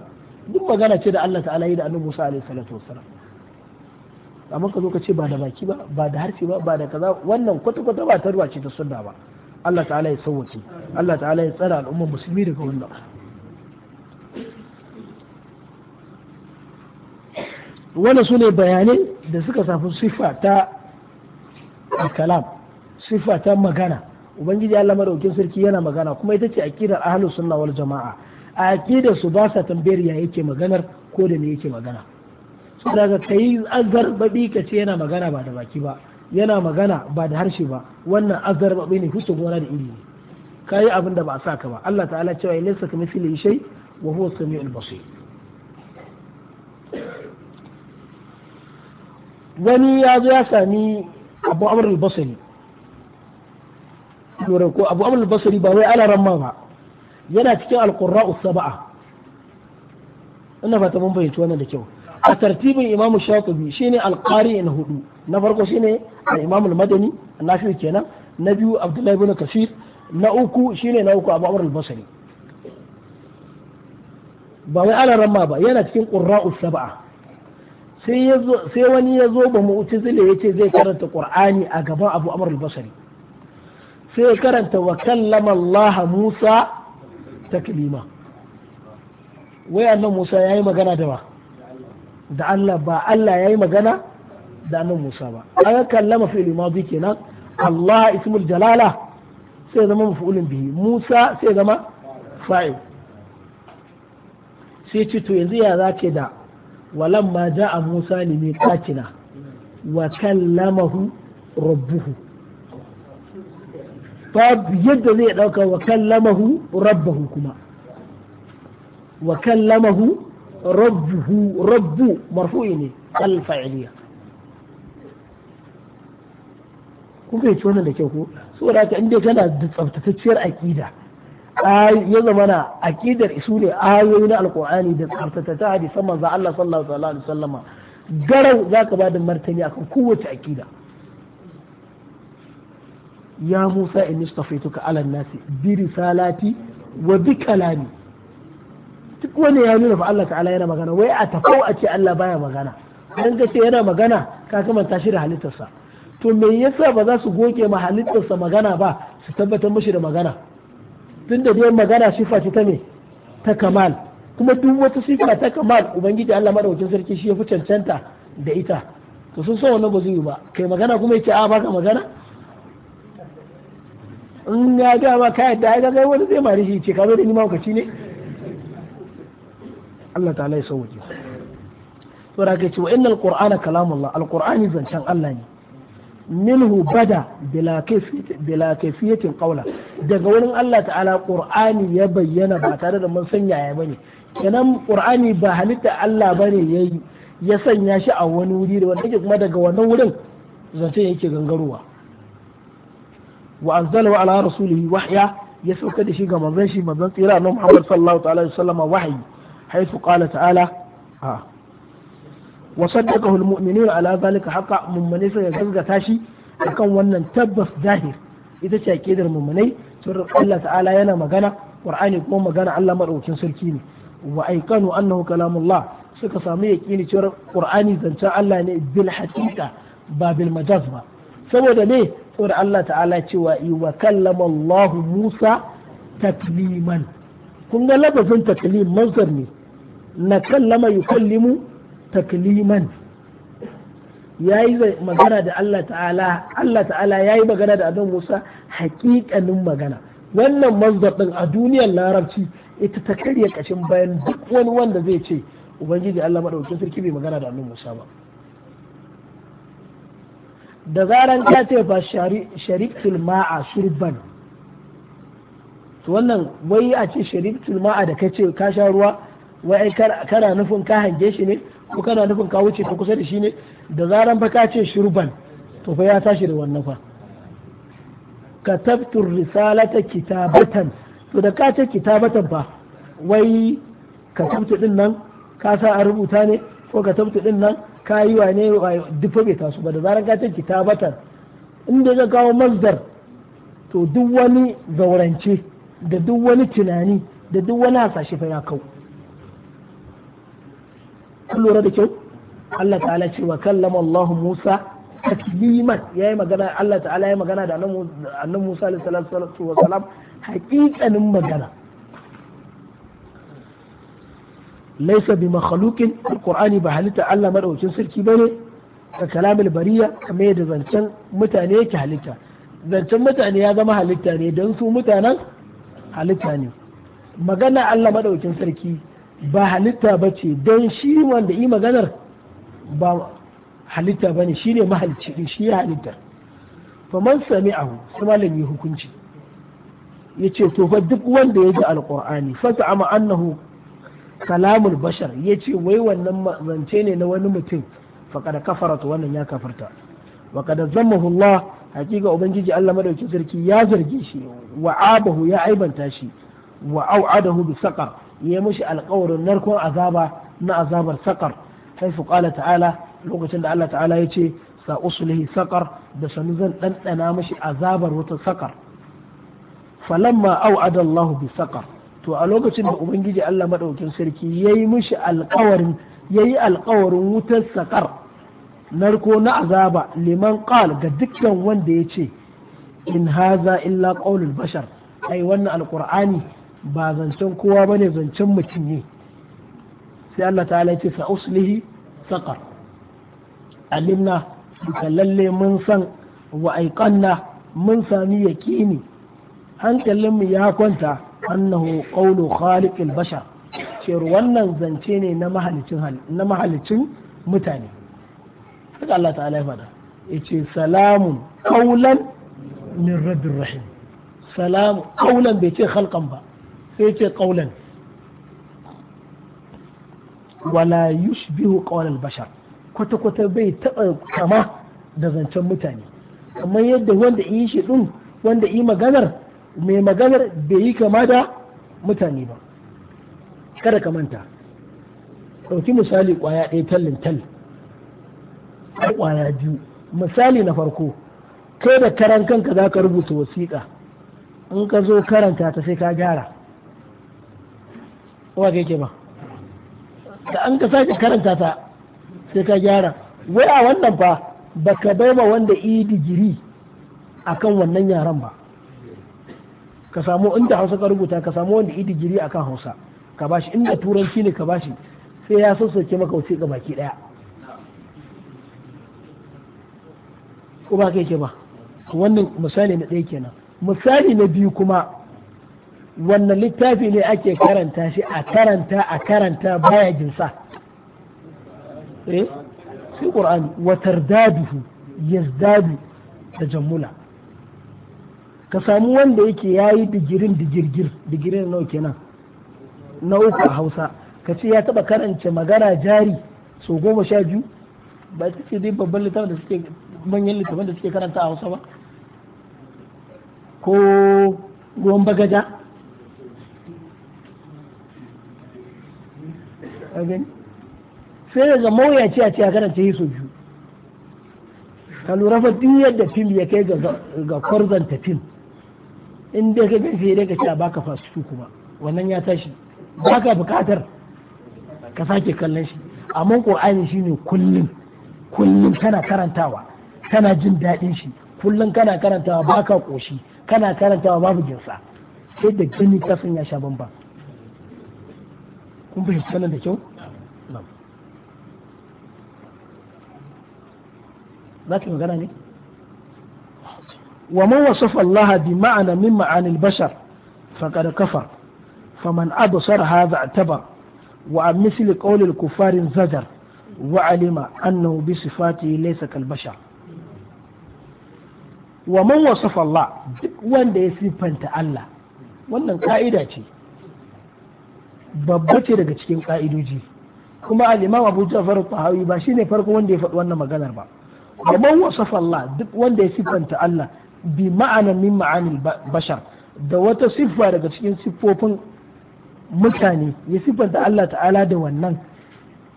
Speaker 1: duk magana ce da Allah ta'ala yi da annabi Musa alaihi salatu wassalam amma ka zo ka ce ba da baki ba ba da harfi ba ba da kaza wannan kwata-kwata ba ta ruwa ce ta sunna ba Allah ta'ala ya sauwace Allah ta'ala ya tsara al'umma musulmi daga wannan wannan sune ne bayanai da suka safi sifa ta kalam sifa ta magana ubangiji Allah madaukin sarki yana magana kuma ita ce aqidar ahlus sunna wal jamaa a aqidar su ba sa tambayar ya yake maganar ko da me yake magana daga ka yi azarbabi ka ce yana magana ba da baki ba yana magana ba da harshe ba wannan azarbabi ne huce gona da iri ne ka yi abin da ba a sa ka ba Allah ta'ala cewa ya laisa ka misali shai wa huwa sami basir wani ya zo ya sami abu amur albasari basri lura ko abu amur albasari ba wai ala ramma ba yana cikin al saba'a sab'a ina fata mun fahimci wannan da kyau a tartibin imam shatibi shine alqari na hudu na farko shine imam al-madani nafi kenan na biyu abdullahi ibn kasir na uku shine na uku abu al-basri ba wai ana ramma ba yana cikin qurra'u sab'a sai sai wani ya zo ba ya yace zai karanta qur'ani a gaban abu amr al-basri sai karanta wa kallama Allah Musa taklima wai annan Musa yayi magana da wa da Allah ba Allah ya yi magana da nan Musa ba a aka kallama fi'il ke kenan Allah ismul jalala sai zama ulin bihi Musa sai zama fa'il sai ce to yanzu ya ke da walamma a Musa mai kakina wa kallamahu rabbuhu babu yadda zai ɗauka wa kallamahu rabbahu kuma wa kallamahu rabbuhu rabbu marfu'i ne alfa'iliya kun fahimci wannan da kyau ko saboda haka inda kana da tsaftatacciyar aqida ya zama na aqidar isu ne ayoyi na alqur'ani da tsaftatata saman za Allah sallallahu alaihi wasallam garau zaka ba da martani akan kowace aqida ya Musa in istafaituka ala nasi bi risalati wa bi kalami duk wani ya nuna fa Allah ta'ala yana magana wai a tafau a ce Allah baya magana dan gace yana magana ka ta shi da halittarsa to me yasa ba za su goge ma halittarsa magana ba su tabbatar mishi da magana tunda dai magana sifa ce ta me ta kamal kuma duk wata sifa ta kamal ubangiji Allah madaukakin sarki shi ya fi cancanta da ita to sun san wannan ba zai yi ba kai magana kuma yace a baka magana in ya ga ba ka da ai ga wani zai mari shi ce ka zo da ni ma ne Allah ta'ala ya sauke
Speaker 2: to
Speaker 1: da ke cewa innal qur'ana kalamullah Al-Ƙur'an alqur'ani zancen Allah ne minhu bada bila kaifiyatin qawla daga wurin Allah ta'ala qur'ani ya bayyana ba tare da mun sanya ya bane kenan qur'ani ba halitta Allah bane yayi ya sanya shi a wani wuri da wanda yake kuma daga wannan wurin zance yake gangarowa wa anzalahu ala rasulihi wahya ya sauka da shi ga manzon shi manzon tsira na Muhammad sallallahu alaihi wasallam wahayi haisu qala ta'ala a wa saddaqahu almu'minuna ala zalika haqa mummune sai ya gaskata shi akan wannan tabbas zahir ita ce akidar mummunai sun Allah ta'ala yana magana qur'ani kuma magana Allah madaukin sarki ne wa aikanu annahu kalamullah suka samu yaqini cewa qur'ani zancen Allah ne bil ba bil majaz ba saboda me saboda Allah ta'ala cewa wa kallama Allah Musa takliman kun ga lafazin taklim mazhar ne na kallama yukallimu takliman ya yi magana da Allah ta'ala Allah ta'ala ya yi magana da Adam Musa hakikanin magana wannan mazdar din a duniyar larabci ita ta karya kashin bayan duk wani wanda zai ce ubangiji Allah maɗaukin sarki bai magana da Adam Musa ba da zaran ka ce ba shariqtul ma'a shurban to wannan wai a ce shariqtul ma'a da kace ka sha ruwa wai kana nufin ka hange shi ne ko kana nufin ka wuce ka kusa da shi ne da zaran fa ka ce shurban to fa ya tashi da wannan fa katabtu risalata kitabatan to da ka ce kitabatan fa wai katabtu din nan ka sa a rubuta ne ko katabtu din nan ka yi wa ne duk fa bai taso ba da zaran ka ce kitabatan inda ka kawo mazdar to duk wani zaurance da duk wani tunani da duk wani hasashe fa ya kawo kun lura da kyau Allah ta'ala ce wa kallama Allah Musa takliman yayi magana Allah ta'ala yayi magana da annabi Musa alaihi wa salam haƙiƙanin magana laisa bi makhluqin alqur'ani ba halitta Allah madaukin sarki bane ka kalamil bariya kamar da zancen mutane yake halitta zancen mutane ya zama halitta ne don su mutanen halitta ne magana Allah madaukin sarki ba halitta ba ce don shi wanda yi maganar ba halitta ba ne shi ne mahalicci ɗin shi ya halitta fa man sami ahu sai malam yi hukunci ya ce to fa duk wanda ya ji alƙur'ani fasa ama annahu kalamul bashar ya ce wai wannan zance ne na wani mutum faƙada kafarata wannan ya kafarta waƙada zammahu Allah hakika ubangiji Allah madauki sarki ya zargi shi wa abahu ya aibanta shi wa au'adahu bi saqar ya mushi alƙawarin narkon azaba na azabar saƙar haifu ƙala ta'ala lokacin da Allah ta'ala ya ce sa usulihi sakar da sanu zan ɗanɗana mushi azabar wata sakar. falamma au Allahu bi sakar to a lokacin da ubangiji Allah madaukin sarki yayi mushi alƙawarin yayi alkawarin wutar sakar narko na azaba liman qal ga dukkan wanda ya ce in haza illa qaulul bashar ai wannan alqur'ani ba zancen kowa ba ne zancen mutum ne sai Allah ta'ala ya ce sa saƙar. alimna duka lalle mun san wa aiqanna mun sami yaƙini. hankalin mu ya kwanta annahu qawlu khaliqil bashar cewar wannan zance ne na mahalicin mutane. mahalicin mutane haka Allah ta'ala ya faɗa salamun qawlan min rabbir rahim salamun qawlan bai ce khalqan ba sai ce ƙaulan wala yushbihu ƙaunar bashar kwata-kwata bai taɓa kama da zancen mutane kamar yadda wanda yi shi ɗin wanda yi maganar mai maganar bai yi kama da mutane ba kada ka manta ɗauki misali ƙwaya ɗaya tallin tal har ƙwaya biyu misali na farko kai da karan kanka za ka rubuta wasiƙa in ka zo karanta ta sai ka gyara kuma ka yake ba da an ka sake karanta ta sai ka gyara wai a wannan fa ka bai ma wanda i digiri a kan wannan yaran ba ka samu inda hausa ka rubuta ka samu wanda i digiri a kan hausa ka shi inda turanci ne ka shi sai ya sassauke maka wuce ga baki daya ko ba ka yake ba wannan misali na ɗaya kenan misali na biyu kuma wannan littafi ne ake karanta shi a karanta a karanta baya jinsa eh watar qur'an wa tardaduhu yazdadu tajammula ka samu wanda yake yayi digirin digirgir digirin nawa kenan na uku a Hausa ka ya taba karanta magana jari so goma sha biyu ba su ce dai babban littafin da suke manyan littafin da suke karanta a Hausa ba ko ruwan bagaja sai ga zama mawuyaci a ce a karanta yi sau biyu ka lura fa duk yadda fim ya kai ga kwarzanta fim in ka gafe dai ka ce a baka fasu kuma wannan ya tashi baka bukatar ka sake kallon shi amma shi ne kullum kullum kana karantawa kana jin daɗin shi kullum kana karantawa baka ƙoshi kana karantawa babu jinsa sai da gani kasan ya sha bambam kun fahimci wannan da kyau za ka magana ne wa man wasafa Allah bi ma'ana min ma'anil bashar faqad kafar faman absara hadha ataba wa an misli qawli al-kuffar zajar wa alima annahu bi sifatihi laysa kal bashar wa man wasafa Allah duk wanda ya sifanta Allah wannan ka'ida ce babba ce daga cikin ƙa'idoji kuma al'imam Abu Ja'far Tahawi ba shine farko wanda ya faɗi wannan maganar ba amma wasafa Allah duk wanda ya sifanta Allah bi ma'ana min ma'anil bashar da wata siffa daga cikin siffofin mutane ya siffanta Allah ta'ala da wannan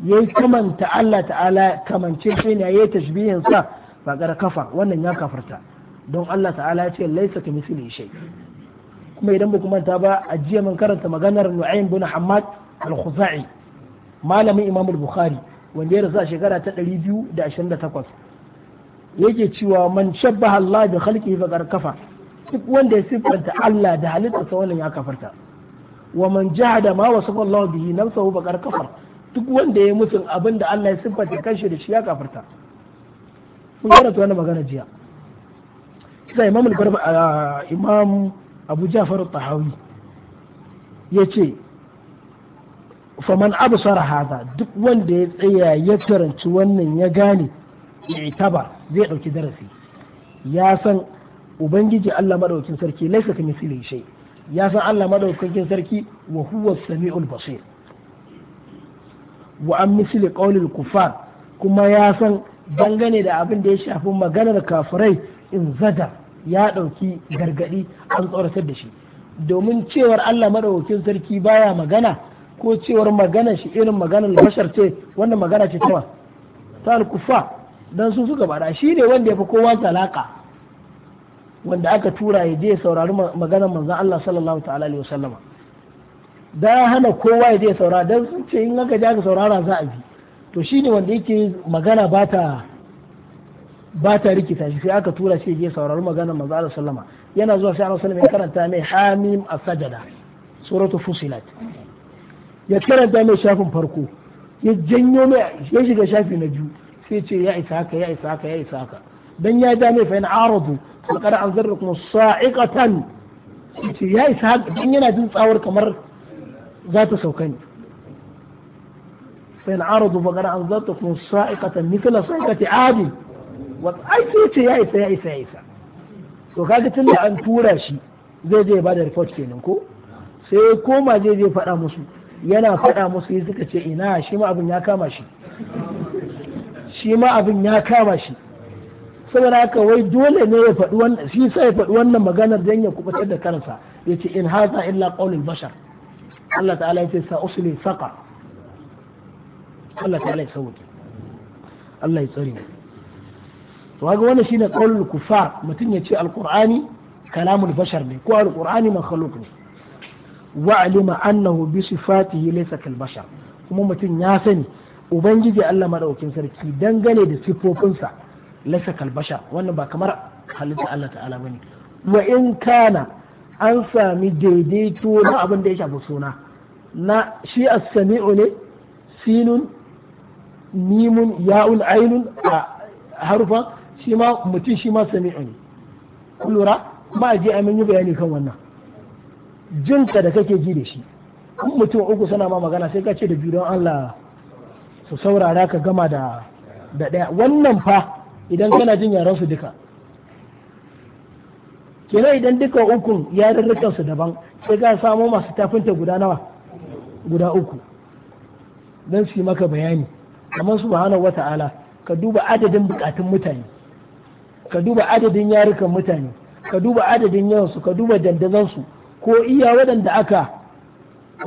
Speaker 1: ya yi kamanta Allah ta'ala kamance shi ne ya yi tashbihinsa ba kafa wannan ya kafarta don Allah ta'ala ya ce laisa ka misali shai kuma idan baku manta ba a jiya mun karanta maganar Nu'aym bin Hammad al-Khuzai malamin Imam al-Bukhari wanda ya rasu a shekara ta 228 yake cewa man shabbaha Allah bi khalqihi fa kafa duk wanda ya sifanta Allah da halitta halittarsa wannan ya kafarta wa man jahada ma wasafa Allah bihi nafsuhu fa kafar duk wanda ya mutun abinda Allah ya sifanta kanshi da shi ya kafarta mun karanta wannan magana jiya sai Imam al-Bukhari ah, abu ja'far tahawi ya ce faman abu haza duk wanda ya tsaya ya taranci wannan ya gane itaba zai ɗauki darasi ya san ubangiji Allah maɗaukin sarki laisa ka misali shai ya san Allah maɗaukin sarki wa huwa samiul basir wa an misali ƙaunin kufar kuma ya san dangane da abin da ya shafi maganar kafirai in zada ya ɗauki gargaɗi an tsoratar da shi domin cewar Allah madaukakin sarki baya magana ko cewar magana shi irin maganar bashar ce wannan magana ce ta ta alkufa dan su suka bada shi ne wanda ya fi kowa talaka wanda aka tura ya je ya saurari maganar manzon Allah sallallahu ta'ala alaihi wasallama da hana kowa ya je saurara dan sun ce in aka je aka saurara za a bi to shi ne wanda yake magana ba ta ba ta rikita shi sai aka tura shi je saurari maganar manzo Allah sallama yana zuwa sai Allah sallama ya karanta mai hamim as-sajada suratu fusilat ya karanta mai shafin farko ya janyo mai ya shiga shafi na biyu sai ce ya isa haka ya isa haka ya isa haka dan ya da mai fa in aradu faqad anzarakum sa'iqatan ce ya isa haka dan yana jin tsawar kamar za ta sauka ne fa in aradu faqad anzarakum sa'iqatan mithla sa'iqati adin ai aiki ce ya isa ya isa ya isa to kaga tunda an tura shi zai je ba da report kenan ko sai ya koma zai je faɗa musu yana faɗa musu yi suka ce ina shi ma abin ya kama shi shi ma abin ya kama shi saboda haka wai dole ne ya faɗi wannan shi sai ya faɗi wannan maganar dan ya kubutar da kansa ya ce in haza illa qaulul bashar Allah ta'ala ya ce sa usli saqa Allah ta'ala ya sauke Allah ya tsare mu to kaga wannan shine qaulul kufar mutum ya ce alqur'ani kalamul bashar ne ko alqur'ani makhluq ne wa alima annahu bi sifatihi laysa kal bashar kuma mutum ya sani ubangiji Allah madaukin sarki dangane da sifofinsa laysa kal bashar wannan ba kamar halitta Allah ta'ala bane wa in kana an sami daidaito na abin da ya shafi suna na shi as-sami'u ne sinun mimun ya'ul ainun a harufan shi ma mutum shi ma sami'u ne kun lura ba a je a yi bayani kan wannan jinka da kake ji da shi in mutum uku suna ma magana sai ka ce da biyu don Allah su saurara ka gama da da ɗaya wannan fa idan kana jin yaran su duka kenan idan duka ukun rarrakan su daban sai ka samo masu tafinta guda nawa guda uku dan su yi maka bayani amma subhanahu wata'ala ka duba adadin bukatun mutane ka duba adadin yarukan mutane ka duba adadin yawansu ka duba su ko iya waɗanda aka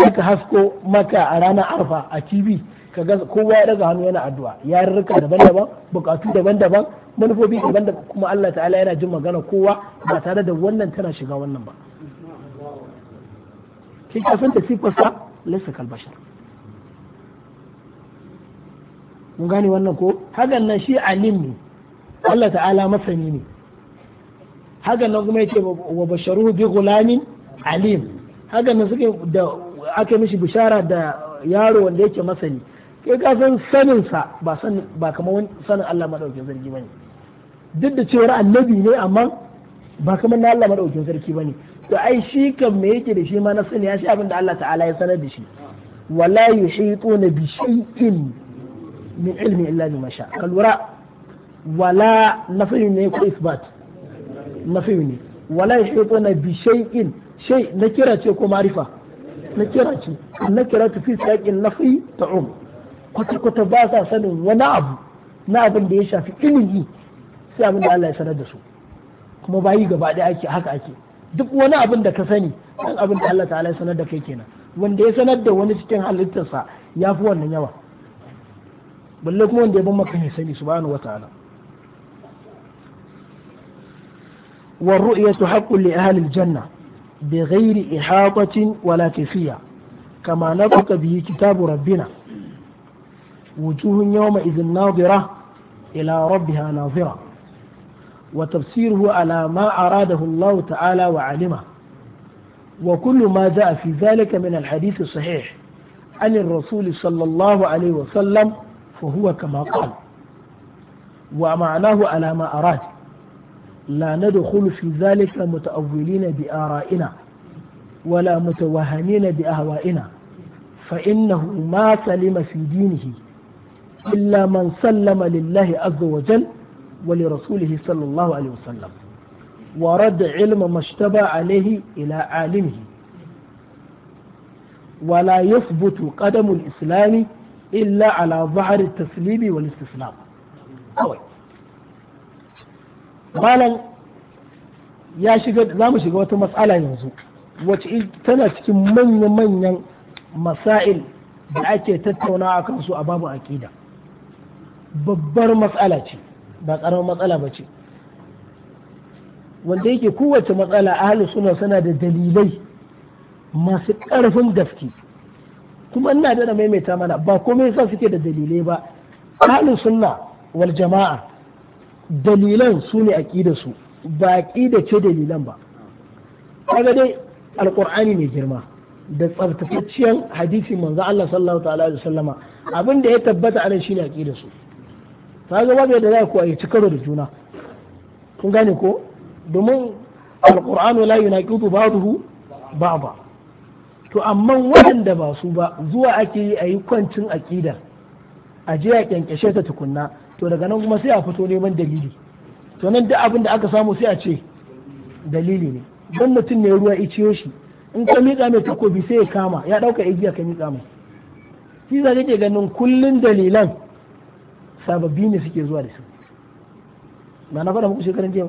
Speaker 1: aka hasko maka a ranar arfa a tv ka ga kowa ya daga hannu yana addu'a yarurruka daban-daban bukatu daban-daban manufofi daban-daban kuma Allah ta'ala yana jin magana kowa ba tare da wannan tana shiga wannan ba kin kasanta sifarsa lissa kalbashar mun gane wannan ko hakan nan shi alim ne Allah ta'ala masani ne haka nan kuma yace wa basharu bi gulamin alim haka nan suke da aka mishi bishara da yaro wanda yake masani kai ka san sanin sa ba san ba kamar wani sanin Allah madaukakin sarki bane duk da cewa annabi ne amma ba kamar na Allah madaukakin sarki bane to ai shi kan me yake da shi ma na sani ya shi abin da Allah ta'ala ya sanar da shi wala yuhituna bi shay'in min ilmi illa bima sha kalura wala nafi ne ko isbat nafi ne wala yahituna bi shay'in shay na kira ce ko marifa na kira ce na kira ta fi sakin nafi ta'um kwata kwata ba sa sanin wani abu na abin da ya shafi ilimi sai abin da Allah ya sanar da su kuma bayi gaba ɗaya ake haka ake duk wani abin da ka sani dan abin da Allah ta'ala ya sanar da kai kenan wanda ya sanar da wani cikin halittarsa ya fi wannan yawa balle kuma wanda ya ban maka ya sani subhanahu wataala والرؤية حق لأهل الجنة بغير إحاطة ولا كفية كما نطق به كتاب ربنا وجوه يومئذ ناظرة إلى ربها ناظرة وتفسيره على ما أراده الله تعالى وعلمه وكل ما جاء في ذلك من الحديث الصحيح عن الرسول صلى الله عليه وسلم فهو كما قال ومعناه على ما أراد لا ندخل في ذلك متأولين بآرائنا ولا متوهمين بأهوائنا فإنه ما سلم في دينه إلا من سلم لله عز وجل ولرسوله صلى الله عليه وسلم ورد علم ما اشتبى عليه إلى عالمه ولا يثبت قدم الإسلام إلا على ظهر التسليم والاستسلام أوي. malam ya shiga za mu shiga wata matsala yanzu wacce tana cikin manya-manyan masail da ake tattauna a kansu a babu aƙida babbar matsala ce ba ƙaramar matsala ba ce wanda yake kowace matsala ahalin suna suna da dalilai masu ƙarfin gaske kuma ina da maimaita mana ba komai sa suke da dalilai ba ahalin sunna wal jama'a dalilan su ne a su ba a ce dalilan ba kaga dai alƙur'ani mai girma da tsabtatacciyar hadisi manzo Allah sallallahu ta'ala alaihi sallama abin da ya tabbata anan shine aƙida su kaga da yadda za ku ci cikaro da juna kun gane ko domin alƙur'anu la yunaqidu ba ba'da to amma waɗanda ba su ba zuwa ake yi a yi kwancin aƙidar a je a kyankyashe ta tukunna to daga nan kuma sai a fito neman dalili to nan duk abin da aka samu sai a ce dalili ne don mutum ne ruwa iciyo shi in ka miƙa mai takobi sai ya kama ya ɗauka igiya ka miƙa mai shi za ke ganin kullun dalilan sababbi ne suke zuwa da su ba na faɗa muku shekaran jiya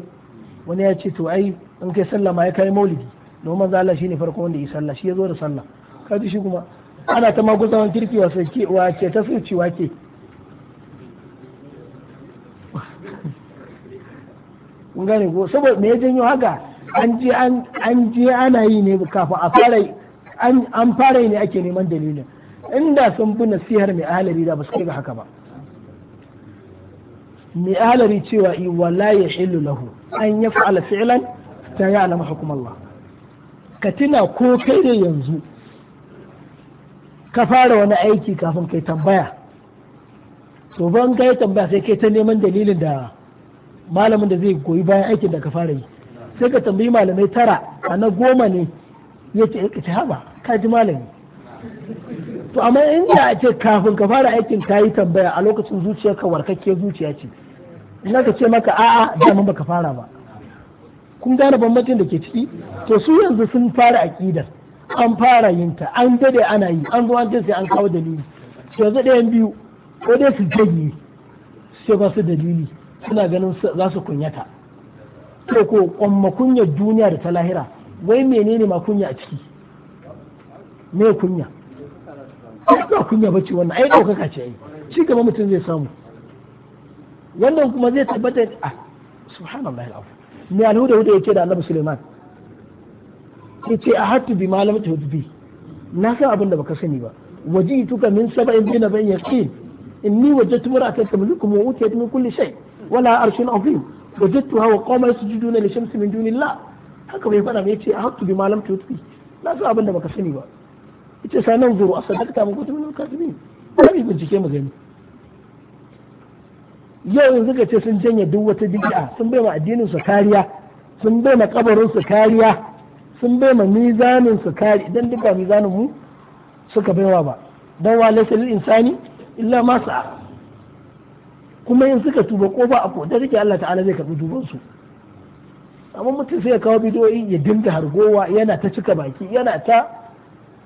Speaker 1: wani ya ce to ai in kai sallah ma ya kai maulidi domin manzo Allah shine farko wanda ya sallah shi ya zo da sallah kaji shi kuma ana ta maguzawan kirki wa sai wa ke ta suci wa ke gane ko saboda me ya janyo haka an je an ji ana yi ne kafin a fara an fara ne ake neman dalilin inda sun bi nasihar mai ahalari da ba su kai ga haka ba mai ahalari cewa i wala ya hillu lahu an ya fa'ala fi'lan ta ya alama hukum Allah ka tuna ko kai da yanzu ka fara wani aiki kafin kai tambaya to ban kai tambaya sai kai ta neman dalilin da malamin da zai goyi bayan aikin da ka fara yi sai ka tambayi malamai tara a na goma ne ya ce ka haba ka ji malami to amma in da ce kafin ka fara aikin ka yi tambaya a lokacin zuciyar ka warkakke zuciya ce ina ka ce maka a'a dama baka fara ba kun gane bambancin da ke ciki to su yanzu sun fara aƙidar an fara yin ta an dade ana yi an zo an ce sai an kawo dalili yanzu ɗayan biyu ko dai su janye sai ba su dalili suna ganin za su kunyata to ko kwamma kunyar duniya da ta lahira wai menene ma kunya a ciki me kunya ba kunya bace wannan ai ɗaukaka ce ai Ci gaba mutum zai samu wannan kuma zai tabbata a ah, subhanallahi al'afu me alhuda huda yake da annabi suleiman Ki ce a hatu bi malam ta bi na san abin da baka sani ba waji tuka min saba'in bi na bayyaqin inni wajadtu mar'atan tamlikum wa utiyat min kulli shay' wala arshin azim wajadtuha wa qawma yasjuduna li shamsi min dunillah haka bai fada mai ce a hakku bi malam tutbi na so abin baka sani ba yace sanan zuru asadakta mun kuntum min yau yanzu ka ce sun janye duk wata bid'a sun bai ma addinin su kariya sun bai ma kabarin su kariya sun bai ma mizanin su kariya dan duka mizanin mu suka baiwa ba dan wa laysa lil insani illa ma sa'a kuma yin suka tuba ko ba a da take Allah ta'ala zai karbi tuban su amma mutum sai ya kawo bidiyoyi ya dinga hargowa yana ta cika baki yana ta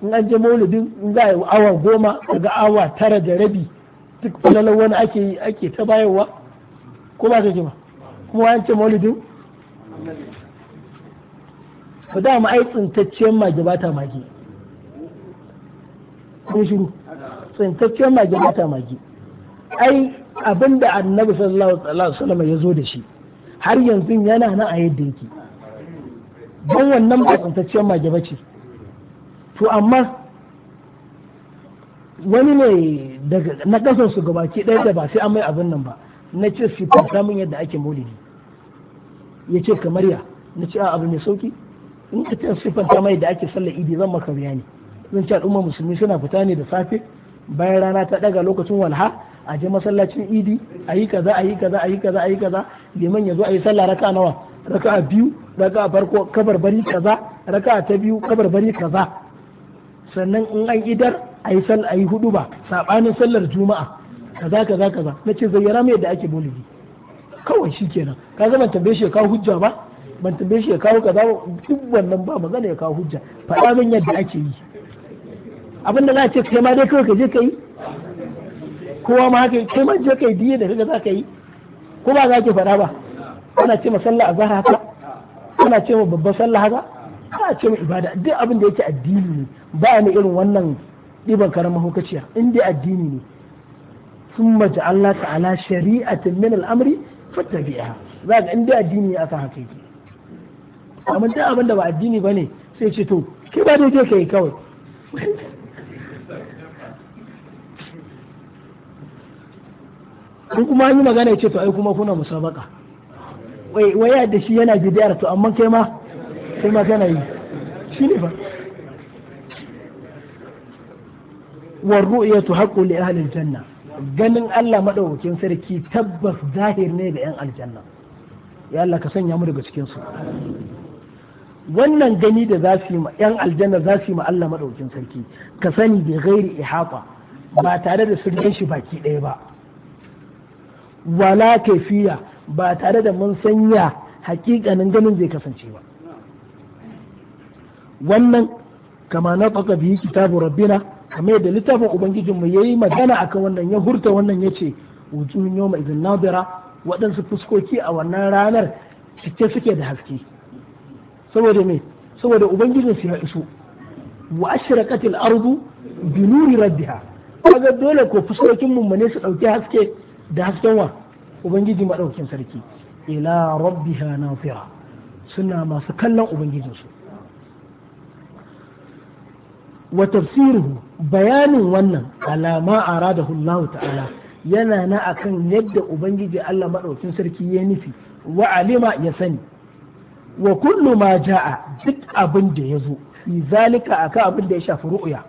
Speaker 1: in an je maulidin in za a yi awa goma daga awa tara da rabi duk falalar wani ake yi ake ta bayarwa ko ba ka jima kuma an ce maulidin ku da ma ai tsintacciyar mage ba ta mage ko shiru tsintacciyar mage ba ta mage ai abin da annabi sallallahu alaihi wasallam ya zo da shi har yanzu yana nan a yadda yake don wannan ba tsantacciyar mage ce to amma wani ne daga na kasar su gabaki ɗaya da ba sai an mai abin nan ba na ce su samun yadda ake maulidi ya ce kamar ya na ce abu mai sauki in ka ce siffanta mai da ake sallar idi zan maka bayani zan ce al'ummar musulmi suna fita ne da safe bayan rana ta ɗaga lokacin walha a je masallacin idi a yi kaza a yi kaza a yi kaza a yi kaza liman ya zo a yi sallah raka nawa raka biyu raka farko kabar bari kaza raka ta biyu kabar bari kaza sannan in an idar a yi sallah a yi hudu ba sabanin sallar juma'a kaza kaza kaza nace zayyara mai da ake bolidi kawai shi kenan ka zama ban tambaye shi ka hujja ba ban tambaye shi ya kawo kaza ba duk wannan ba magana ya kawo hujja faɗa min yadda ake yi abinda za a ce kai ma dai kawai ka je ka yi
Speaker 2: kowa ma haka kai
Speaker 1: ma je kai diya da riga za ka yi ko ba za ki faɗa ba ana ce ma sallah azhar haka ana ce ma babban sallah haka ana ce ma ibada duk abin da yake addini ne ba ni irin wannan ɗiban karamar hukaciya in dai addini ne sun mace Allah ta'ala shari'atin min al'amri fattabi'a za ga in dai addini ne aka haka yake amma duk abin da ba addini ba ne sai ce to ki ba dai kai kawai ko kuma an yi magana ya ce to ai kuma kuna musabaka wai waya da shi yana bidiyar to amma kai ma kai ma kana yi shi ne fa war ru'yatu haqqu li ahli janna ganin Allah madaukakin sarki tabbas zahir ne ga yan aljanna ya Allah ka sanya mu daga cikin su wannan gani da za su yi ma yan aljanna za su yi ma Allah madaukakin sarki ka sani bi ghairi ihata ba tare da sun shi baki ɗaya ba wala kaifiya ba tare da mun sanya hakikanin ganin zai kasance ba wannan kama na tsaka biyi kitabu rabbina kamar yadda littafin ubangijinmu ya yi magana akan wannan ya hurta wannan ya ce wujuhun yau mai zin nabira waɗansu fuskoki a wannan ranar cike suke da haske saboda me saboda su ya iso wa ashraqatil ardu binuri rabbiha kaga dole ko fuskokin mu ne su ɗauki haske da hasken wa ubangiji maɗaukin sarki ila rabbiha nafira suna masu kallon ubangijinsu wa tafsiruhu bayanin wannan alama aradahu Allah ta'ala yana na akan yadda ubangiji Allah maɗaukin sarki ya nufi wa alima ya sani wa kullu ma ja'a duk abin da ya zo fi zalika akan abin da ya shafi ru'ya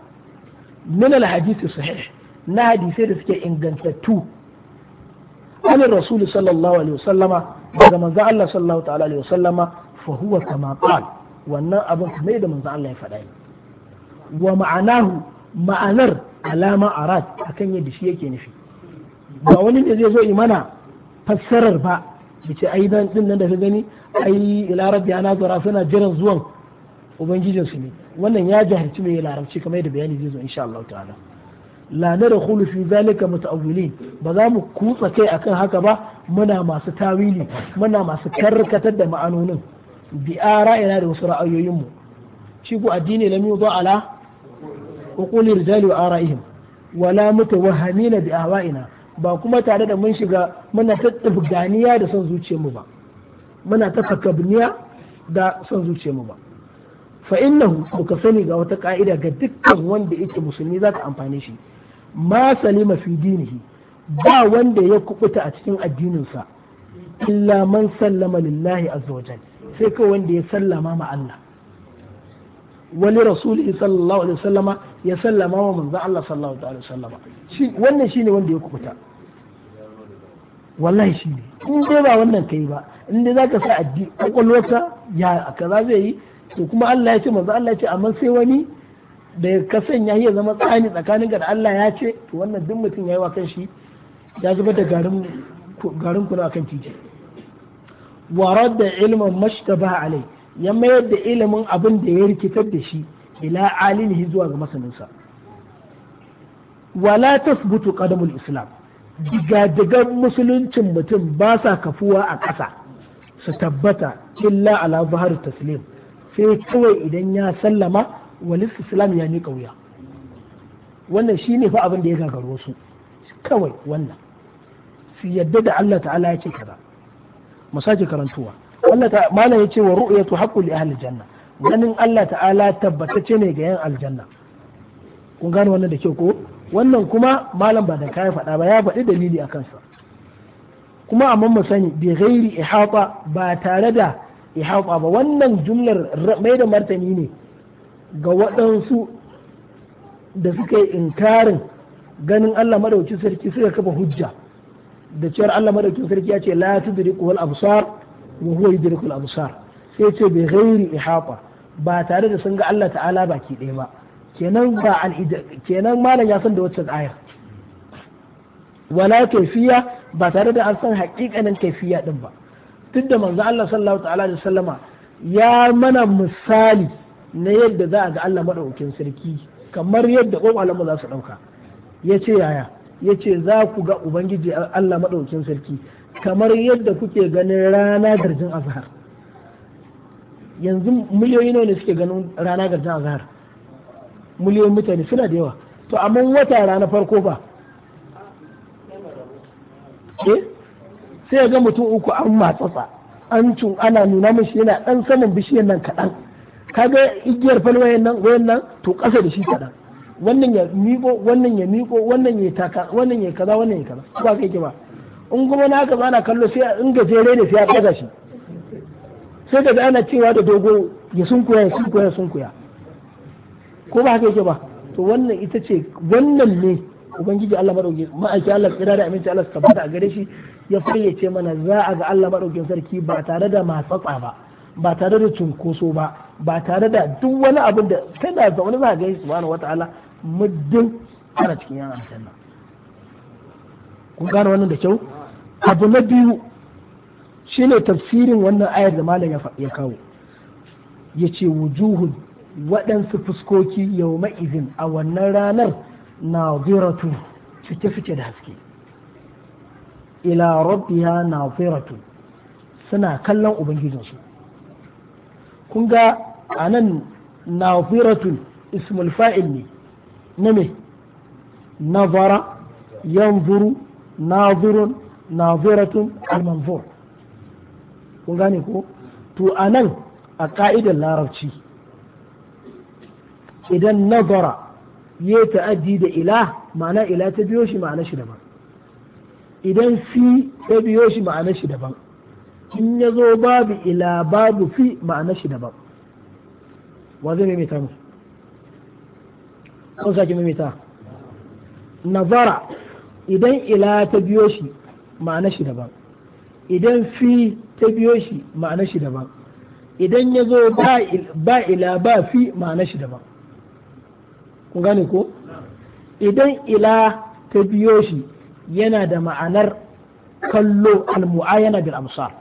Speaker 1: min al hadisi sahih na hadisai da suke ingantattu عن الرسول صلى الله عليه وسلم daga manzan Allah sallallahu ta'ala alaihi wasallama fa huwa kama qal wannan abin kamar da manzan Allah ya faɗa ne wa ma'anahu ma'anar alama arad akan yadda shi yake nufi ba wani da zai zo mana fassarar ba yace ai dan din nan da ka gani ai ila rabbi ana zara suna jiran zuwan su ne wannan ya jahilci mai larabci kamar da bayani zai zo insha la da fi zalika muta'awwilin ba za mu kutsa kai akan haka ba muna masu tawili muna masu karkatar da ma'anonin bi ara'ina da wasu ra'ayoyin mu shi ku addini lam yudu ala uquli rijali wa ara'ihim wala mutawahhamina bi ahwa'ina ba kuma tare da mun shiga muna ta ganiya da son zuciyar mu ba muna ta fakabniya da son zuciyarmu ba fa innahu ka sani ga wata ka'ida ga dukkan wanda yake musulmi zaka amfane shi ma salima fi dinihi ba wanda ya kubuta a cikin addininsa illa man sallama lillahi azza sai kai wanda ya sallama ma Allah wani rasulihi sallallahu alaihi wasallama ya sallama ma manzon Allah sallallahu alaihi wasallama shi wannan shine wanda ya kubuta wallahi shi ne in dai ba wannan kai ba in dai zaka sa addini kwakwalwarka ya kaza zai yi to kuma Allah ya ce manzo Allah ya ce amma sai wani da ka sanya ya zama tsani tsakanin da Allah ya ce to wannan duk mutum yayi wa kanshi ya zubar da garin garin akan titi wa radda ilman mashtabaha alai ya mayar da ilimin abin da ya rikitar da shi ila alihi zuwa ga masaninsa wala tasbutu qadamul islam digadigan musuluncin mutum ba sa kafuwa a ƙasa su tabbata illa ala zahar taslim sai kawai idan ya sallama walis islam ya miƙa wuya wannan shi ne fa abin da ya gagaro su kawai wannan su yadda da Allah ta'ala ya ce kaza mu sake karantuwa Allah ta mala ya ce wa ru'yatu haqqul li ahli janna ganin Allah ta'ala ce ne ga yan aljanna kun gane wannan da kyau ko wannan kuma malam ba da kayan faɗa ba ya faɗi dalili a kansa kuma amma mu sani bi ghairi ihata ba tare da ihata ba wannan jumlar mai da martani ne ga waɗansu da suka yi inkarin ganin Allah madaukin sarki suka kafa hujja da cewar Allah madaukin sarki ya ce la tudriku wal absar wa huwa yudriku al absar sai ce bi ghairi ihata ba tare da sun ga Allah ta'ala baki ɗaya ba kenan ba al kenan malam ya san da wacce ayar wala kaifiya ba tare da an san hakikanin kaifiya din ba duk da manzo Allah sallallahu ta'ala da sallama ya mana misali na yadda za a ga Allah maɗaukin sarki kamar yadda ƙwaƙwalanmu za su ɗauka ya ce yaya ya ce za ku ga ubangiji Allah maɗaukin sarki kamar yadda kuke ganin rana garjin azhar yanzu miliyoyi ne suke ganin rana garjin azhar miliyoyin mutane suna da yawa to amma wata rana farko ba eh? sai ga mutum uku an matsatsa an cun ana nuna mashi yana ɗan saman bishiyar nan kaɗan kaga igiyar fal wayannan wayannan to ƙasa da shi kaɗan wannan ya miko wannan ya miko wannan ya taka wannan ya kaza wannan ya kaza ba kai ke ba in kuma na ka ana kallo sai in gajere ne sai a kaza shi sai daga ana cewa da dogo ya sunkuya ya sunkuya ya sunkuya ko ba kai ke ba to wannan ita ce wannan ne ubangiji Allah madauki ma'aiki Allah kira da aminci Allah tabbata a gare shi ya fayyace mana za a ga Allah madaukin sarki ba tare da matsatsa ba ba tare da cunkoso ba ba tare da duk wani abin da kai da zaune za gani su subhanahu wataala muddin ana cikin yana aljanna kun gane wannan da kyau abu na biyu shine tafsirin wannan ayar da malam ya kawo ya ce wujuhun waɗansu fuskoki yau ma'izin a wannan ranar na ziratu fice-fice da haske ila rabbiya na ziratu suna kallon ubangijinsu kun ga anan nafiratun ismul fa'il ne na me nazara yanzuru nazirun naziratun al-manzur kun gane ko to nan a ka'idar larabci idan nazara ya ta'addi da ila ma'ana ila ta biyo shi ma'ana shi daban idan fi ta biyo shi ma'ana shi daban in ya zo babu ila babu fi ma'ana shi daban wa zai maimaita mu kun sake maimaita nazara idan ila ta biyo shi ma'ana shi daban idan fi ta biyo shi ma'ana shi daban idan ya zo ba ila ba fi ma'ana shi daban kun gane ko idan ila ta biyo shi yana da ma'anar kallo al-mu'ayyana bil amsar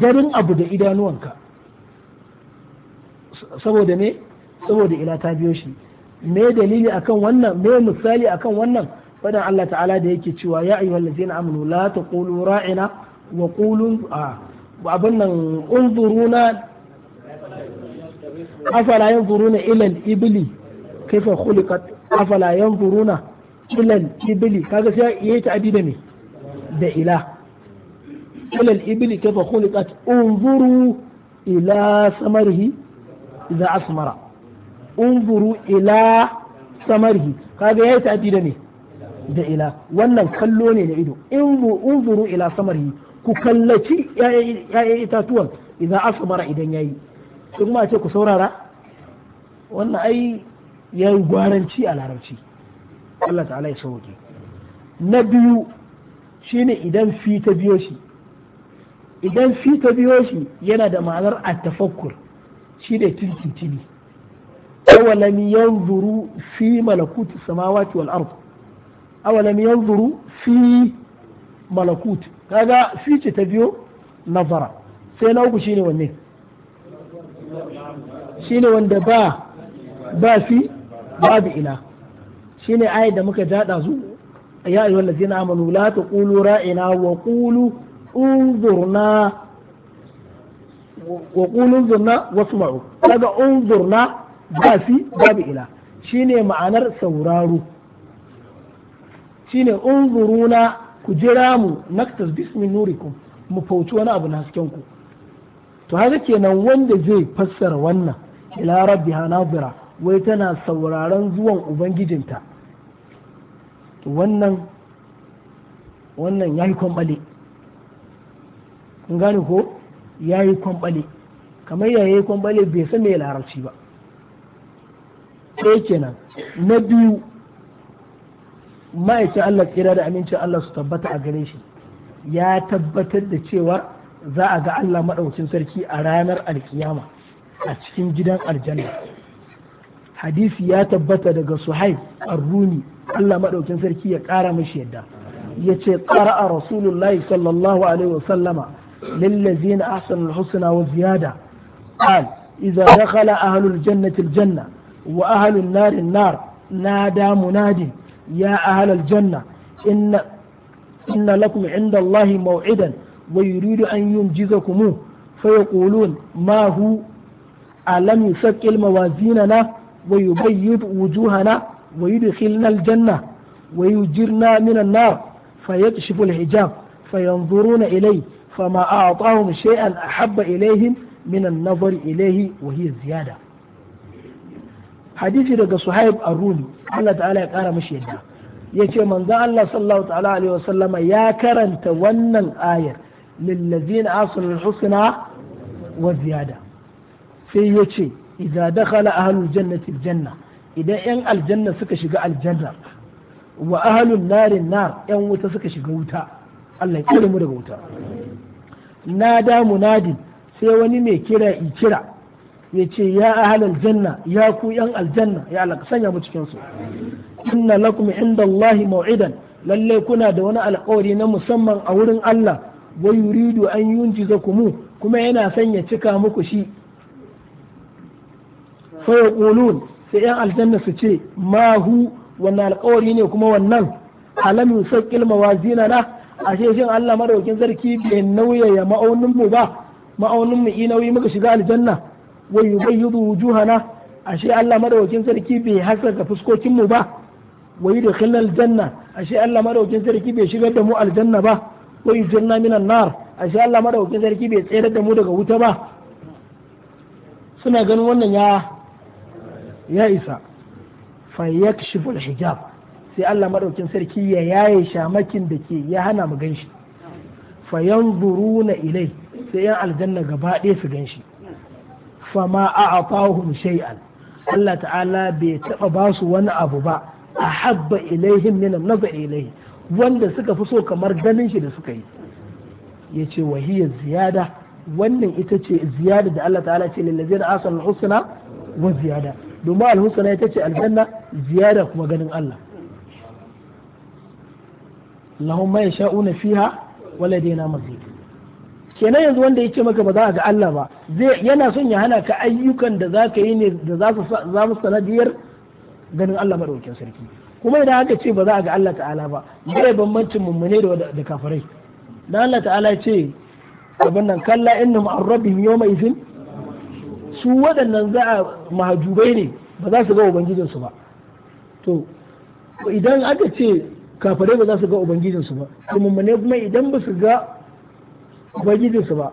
Speaker 1: garin abu da idanuwanka saboda me saboda ila ta biyo shi me dalili akan wannan me misali akan wannan fadan Allah ta'ala da yake cewa ya ayyuhal ladzina amanu la taqulu ra'ina wa qulu abin nan unzuruna afala yanzuruna ila al-ibli kaifa khuliqat afala yanzuruna ila al-ibli kaga sai yayi ta'adi da me da ila ila al-ibli kayfa khuliqat unzuru ila samarihi idza asmara unzuru ila samarihi kaga yayi ta'di da ne da ila wannan kallo ne na ido In unzuru ila samarihi ku kallaci ya'yan itatuwan idan asmara idan yayi duk ma ce ku saurara wannan ai yayi gwaranci a larabci Allah ta'ala ya sauke na biyu shine idan fi ta biyo shi idan fi ta biyo shi yana da ma'anar a tafakkur shi da tuntuntuni yan zuru fi malakut samawati wal awalami yan zuru fi malakut kaga fi ce ta biyo nazara sai na uku shine wanne
Speaker 2: shine wanda ba
Speaker 1: ba fi babu ila shine ayat da muka jada zu ya ayyuhallazina amanu la taqulu ra'ina wa qulu unzurna wa qulu unzurna wasma'u babu ila shine ma'anar sauraro shine unzuruna ku jira mu naktas bismi nurikum mu fauci wani abu na hasken ku to haka kenan wanda zai fassara wannan ila rabbiha nazira wai tana sauraron zuwan ubangijinta wannan wannan yayi kwambale kun gane ko ya yi kwamɓale kamar ya yi kwamɓale bai san mai larabci ba ɗaya kenan na biyu ma'aikin Allah kira da amincin Allah su tabbata a gare shi ya tabbatar da cewa za a ga Allah maɗaukin sarki a ranar alkiyama a cikin gidan aljanna hadisi ya tabbata daga suhaib ar-rumi Allah maɗaukin sarki ya ƙara mashi yadda ya ce ƙara a rasulullahi sallallahu alaihi wasallama للذين أحسنوا الحسنى وزيادة قال إذا دخل أهل الجنة الجنة وأهل النار النار نادى مناد يا أهل الجنة إن إن لكم عند الله موعدا ويريد أن ينجزكموه فيقولون ما هو ألم يثقل موازيننا ويبيض وجوهنا ويدخلنا الجنة ويجرنا من النار فيكشف الحجاب فينظرون إليه فما أعطاهم شيئا أحب إليهم من النظر إليه وهي الزيادة hadisi daga suhaib aruni Allah ta'ala ya kara mashi yadda yace ce Allah sallallahu ta'ala alaihi wasallama ya karanta wannan ayar lillazina asul husna wa ziyada sai yace ce idza dakhala ahlul jannati janna idan yan aljanna suka shiga aljanna wa ahlun narin nar yan wuta suka shiga wuta Allah ya kare mu daga wuta nada munadin sai wani mai kira i kira ya ce ya ahal janna ya ku yan aljanna ya Allah sanya mu cikin su inna lakum inda Allah mau'idan lalle kuna da wani alƙawari na musamman a wurin Allah wa yuridu an kumu kuma yana son ya cika muku shi fa yaqulun sai yan aljanna su ce ma hu wannan alƙawari ne kuma wannan alamin sakil mawazina na ashe shin Allah madaukin sarki bai ya ma'aunin mu ba ma'aunin mu nauyi muka shiga aljanna wai yubayyidu wujuhana ashe Allah madaukin sarki bai haskaka fuskokin mu ba da khilal aljanna ashe Allah madaukin sarki bai shigar da mu aljanna ba wai janna minan nar ashe Allah madaukin sarki bai tsere da mu daga wuta ba suna ganin wannan ya ya isa fa yakshifu hijab sai Allah madaukin sarki ya yaye shamakin da ke ya hana mu ganshi fa yanzuruna ilai sai yan aljanna gaba ɗaya su shi fa ma a'atahum shay'an Allah ta'ala bai taɓa ba su wani abu ba a habba ilaihim minan nazar ilaihi wanda suka fi so kamar ganin shi da suka yi ya ce ziyada wannan ita ce ziyada da Allah ta'ala ce lallazina asan husna wa ziyada domin al-husna ita ce aljanna ziyada kuma ganin Allah lahum ma yasha'una fiha wa mazid kenan yanzu wanda ya ce maka ba za a ga Allah ba zai yana son ya hana ka ayyukan da za ka yi ne da za su za mu sanadiyar ganin Allah madaukakin sarki kuma idan aka ce ba za a ga Allah ta'ala ba zai bambancin mummune da da kafirai dan Allah ta'ala ya ce abin nan kalla innahum an yawma idhin su waɗannan za a mahajubai ne ba za su ga ubangijinsu ba to idan aka ce kafare ba za su ga ubangijinsu ba kuma ne kuma idan ba su ga ubangijinsu ba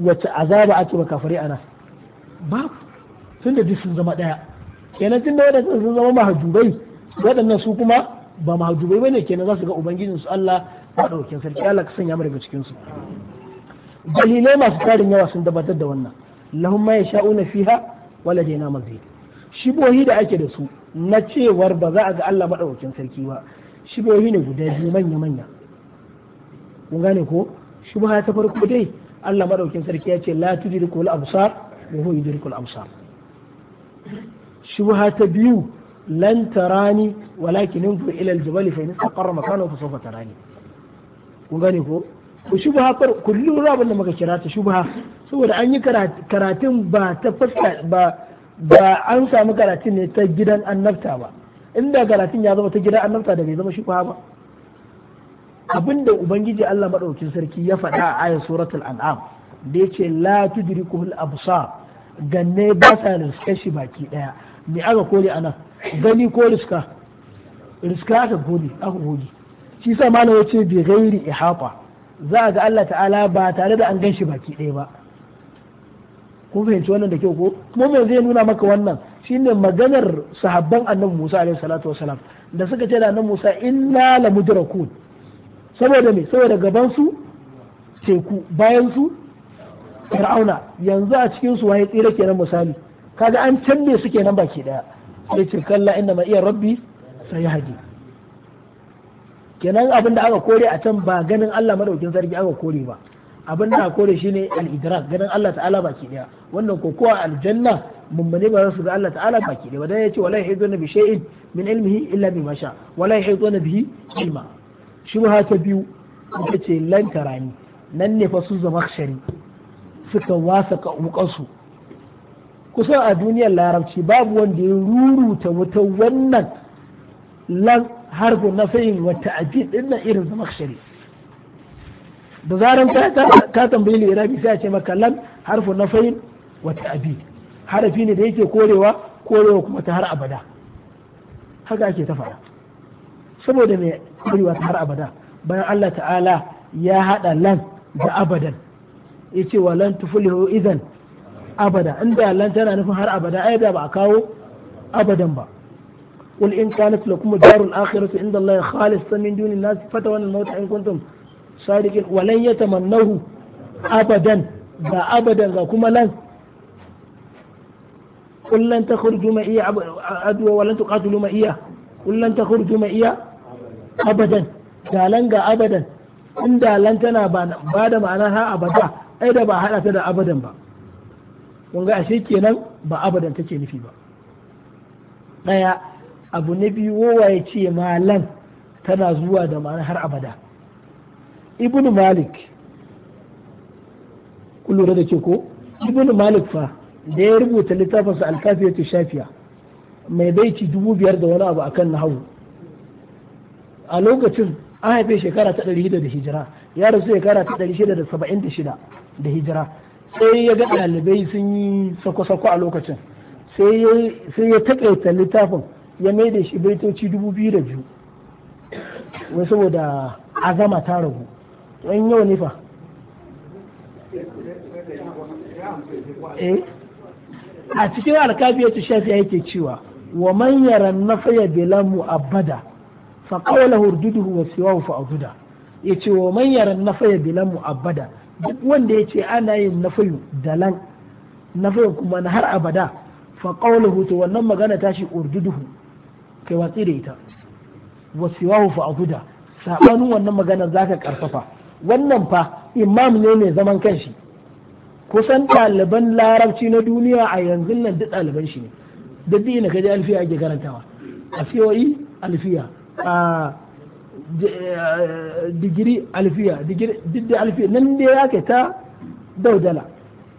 Speaker 1: wacce azaba ake ba kafare ana ba tunda duk sun zama daya kenan tunda waɗannan sun zama mahajubai waɗannan su kuma ba mahajubai bane kenan za su ga ubangijinsu Allah maɗaukin sarki Allah ka sanya mu daga cikin su
Speaker 2: dalilai masu tarin
Speaker 1: yawa sun dabatar da wannan lahum ma yasha'una fiha wala dayna mazid shibohi da ake da su na cewar ba za a ga Allah maɗaukin sarki ba shibohi ne guda biyu manya manya kun gane ko shubha ta farko dai Allah madaukin sarki ya ce la tudrikul absar wa huwa yudrikul absar shubha ta biyu lan tarani walakin infu ila aljibali fa in istaqarra makanahu fa sawfa tarani kun gane ko ku shubha far kullu rabin da muka kira ta shubha saboda an yi karatun ba ta fuska ba ba an samu karatun ne ta gidan annabta ba inda galatin ya zama ta gida annabta da bai zama shubha ba abinda ubangiji Allah madaukin sarki ya faɗa a ayat suratul an'am da yace la tudrikul absar ganne ba sa riska shi baki daya me aka kore ana gani ko riska riska aka gode aka goge shi sa malam yace bi ghairi ihata za ga Allah ta'ala ba tare da an gan baki daya ba kun fahimci wannan da kyau ko kuma me zai nuna maka wannan shine maganar sahabban annabi Musa alaihi salatu wasalam da suka ce da annabi Musa inna la mudrakun saboda me saboda gaban su teku bayan su fir'auna yanzu a cikin su waye tsira kenan misali kaga an canne su kenan baki daya sai ce kalla inna ma iya rabbi sai haji kenan abin da aka kore a can ba ganin Allah madaukin sarki aka kore ba abin da aka kore shine al-idrak ganin Allah ta'ala baki daya wannan ko kowa aljanna mummune ba za su ga Allah ta'ala baki da wadan yace wala yahiduna bi shay'in min ilmihi illa bima sha wala na bihi ilma shubha ta biyu ita ce lan tarani nan ne fa su zama shari suka wasa ka su kusan a duniyar larabci babu wanda ya ruruta wata wannan lan harfin na sayin wata ajin din nan irin zama shari da zaran ka tambayi lirabi sai a ce maka lan harfin na sayin wata abin harafi ne da yake korewa korewa kuma ta har abada haka ake ta fara saboda mai korewa ta har abada bayan Allah ta'ala ya haɗa lan da abadan ya ce wa lan tufulihu idan abada inda lan tana nufin har abada ai da ba a kawo abadan ba قل إن كانت لكم دار الآخرة عند الله خالصة من دون الناس فتولوا الموت إن كنتم صادقين ولن يتمنوه أبدا ba abadan ga kuma lan قل لن تخرجوا معي عدوا ولن تقاتلوا معي قل لن تخرجوا معي أبدا دالن أبدا إن دالن تنا بعد معناها أبدا ba دا أبدا با wanga ashe kenan ba abadan take nufi ba ɗaya abu na biyu wowa ya ce malan tana zuwa da ma'ana har abada ibnu malik kun da ke ko ibnu malik fa da ya rubuta littafinsa alkafiyatu shafiya mai baiti dubu biyar da wani abu akan nahawu a lokacin an haife shekara ta ɗari da hijira ya rasu shekara ta ɗari shida da saba'in da shida da hijira sai ya ga ɗalibai sun yi sako-sako a lokacin sai ya taƙaita littafin ya mai da shi baitoci dubu biyu da biyu wai saboda azama ta ragu yau ne fa eh? a cikin alkafiyatu shafi yake cewa wa man yara nafaya bila mu'abbada fa qawla hurduduhu wa siwahu fa azuda yace wa man yara nafaya bila mu'abbada duk wanda yace ana yin nafayu dalan nafayu kuma na har abada fa qawluhu to wannan magana tashi urduduhu kai watsi da ita wa siwahu fa azuda sabanin wannan magana zaka karfafa wannan fa imam ne mai zaman kanshi kusan ɗaliban larabci na duniya a yanzu nan duk ɗaliban shi ne da duk na kaji alfiya ake karantawa a fiyoyi e, alfiya a eh, digiri alfiya duk da alfiya nan da ya ke ta daudala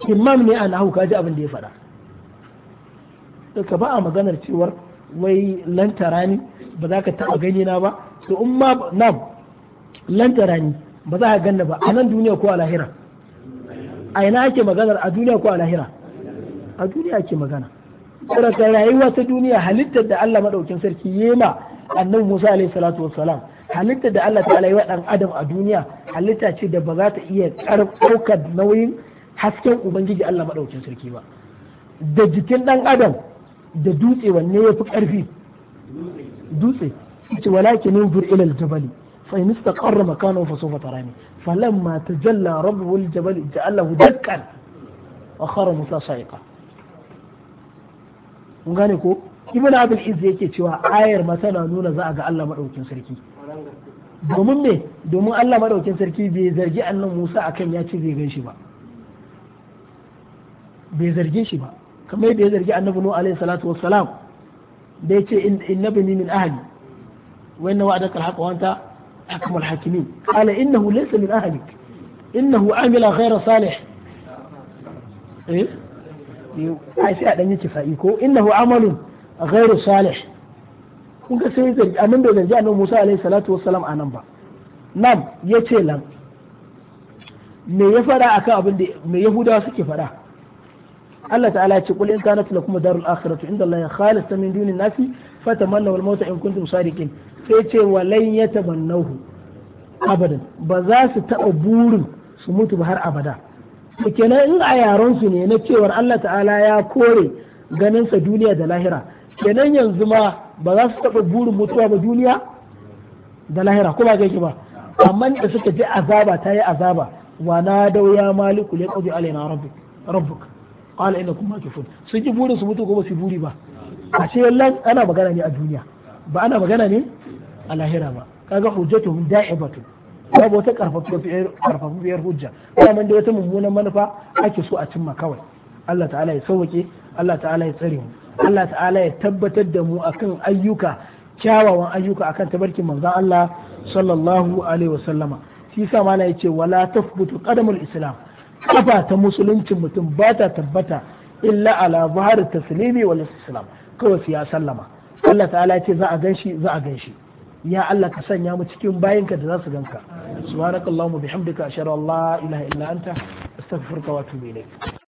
Speaker 1: imam ne a nahu kaji abin da ya faɗa ka ba a maganar cewar wai lantara ne ba za ka taɓa gani na ba to in ma na lantara ne ba za ka ganna ba a nan duniya ko a lahira a ina ake maganar a duniya ko a lahira a duniya ake magana saboda rayuwa ta duniya halittar da Allah madaukin sarki yema annabi Musa alaihi salatu wassalam halittar da Allah ta'ala yi wa dan adam a duniya halitta ce da ba za ta iya ɗaukar nauyin hasken ubangiji Allah madaukin sarki ba da jikin dan adam da dutse wanne ya fi ƙarfi dutse ce walakin nur ilal jabali فإن استقر مكانه فسوف تراني فلما تجلى ربه الجبل جعله دكا وخر موسى صعقا mun gane ko ibn abul iz yake cewa ayar ma tana nuna za a ga Allah madaukakin sarki domin me domin Allah madaukin sarki bai zargi annan Musa akan ya ce zai gan shi ba bai zarge shi ba kamar yadda ya zargi annabi Nuh alaihi salatu wassalam da yace innabani min ahli wa inna wa'adaka alhaq wa anta أحكم الحاكمين قال إنه ليس من أهلك إنه عمل غير صالح إيه ai sai a dan yi kifa'i ko innahu amalun ghairu salih kun ga sai zargi amma bai zargi annabi Musa alaihi anan ba nan yace lan me ya fada akan abin da me yahudawa suke fada Allah ta'ala ce kul in kanat lakum darul akhiratu inda Allah khalis min dunin nasi fatamanna wal mauta in kuntum sadiqin sai ce walan ya tabannahu abadan ba za su taɓa burin su mutu ba har abada da kenan in a yaron su ne na cewar Allah ta'ala ya kore ganin sa duniya da lahira kenan yanzu ma ba za su taɓa burin mutuwa ba duniya da lahira ko ba ba amma da suka ji azaba ta yi azaba wa na dau ya maliku ya qadi alaina rabbuk qala innakum makifun sun ji burin su mutu ko ba su buri ba a ce ana magana ne a duniya ba ana magana ne a lahira ba kaga hujjatuhum da'ibatu babu wata karfafafiyar hujja daman da wata mummunan manufa ake so a cimma kawai Allah ta'ala ya sauke Allah ta'ala ya tsare mu Allah ta'ala ya tabbatar da mu akan ayyuka kyawawan ayyuka akan tabarkin manzon Allah sallallahu alaihi wasallama shi yasa mala yace wala tafbutu qadamul islam kafa ta musuluncin mutum ba ta tabbata illa ala zahar taslimi wal islam kawai ya sallama Allah ta'ala ce za a ganshi za a ganshi ya Allah ka sanya mu cikin bayinka da za su ganka subhanakallahumma bihamdika ashhadu an la ilaha illa anta astaghfiruka wa atubu ilayk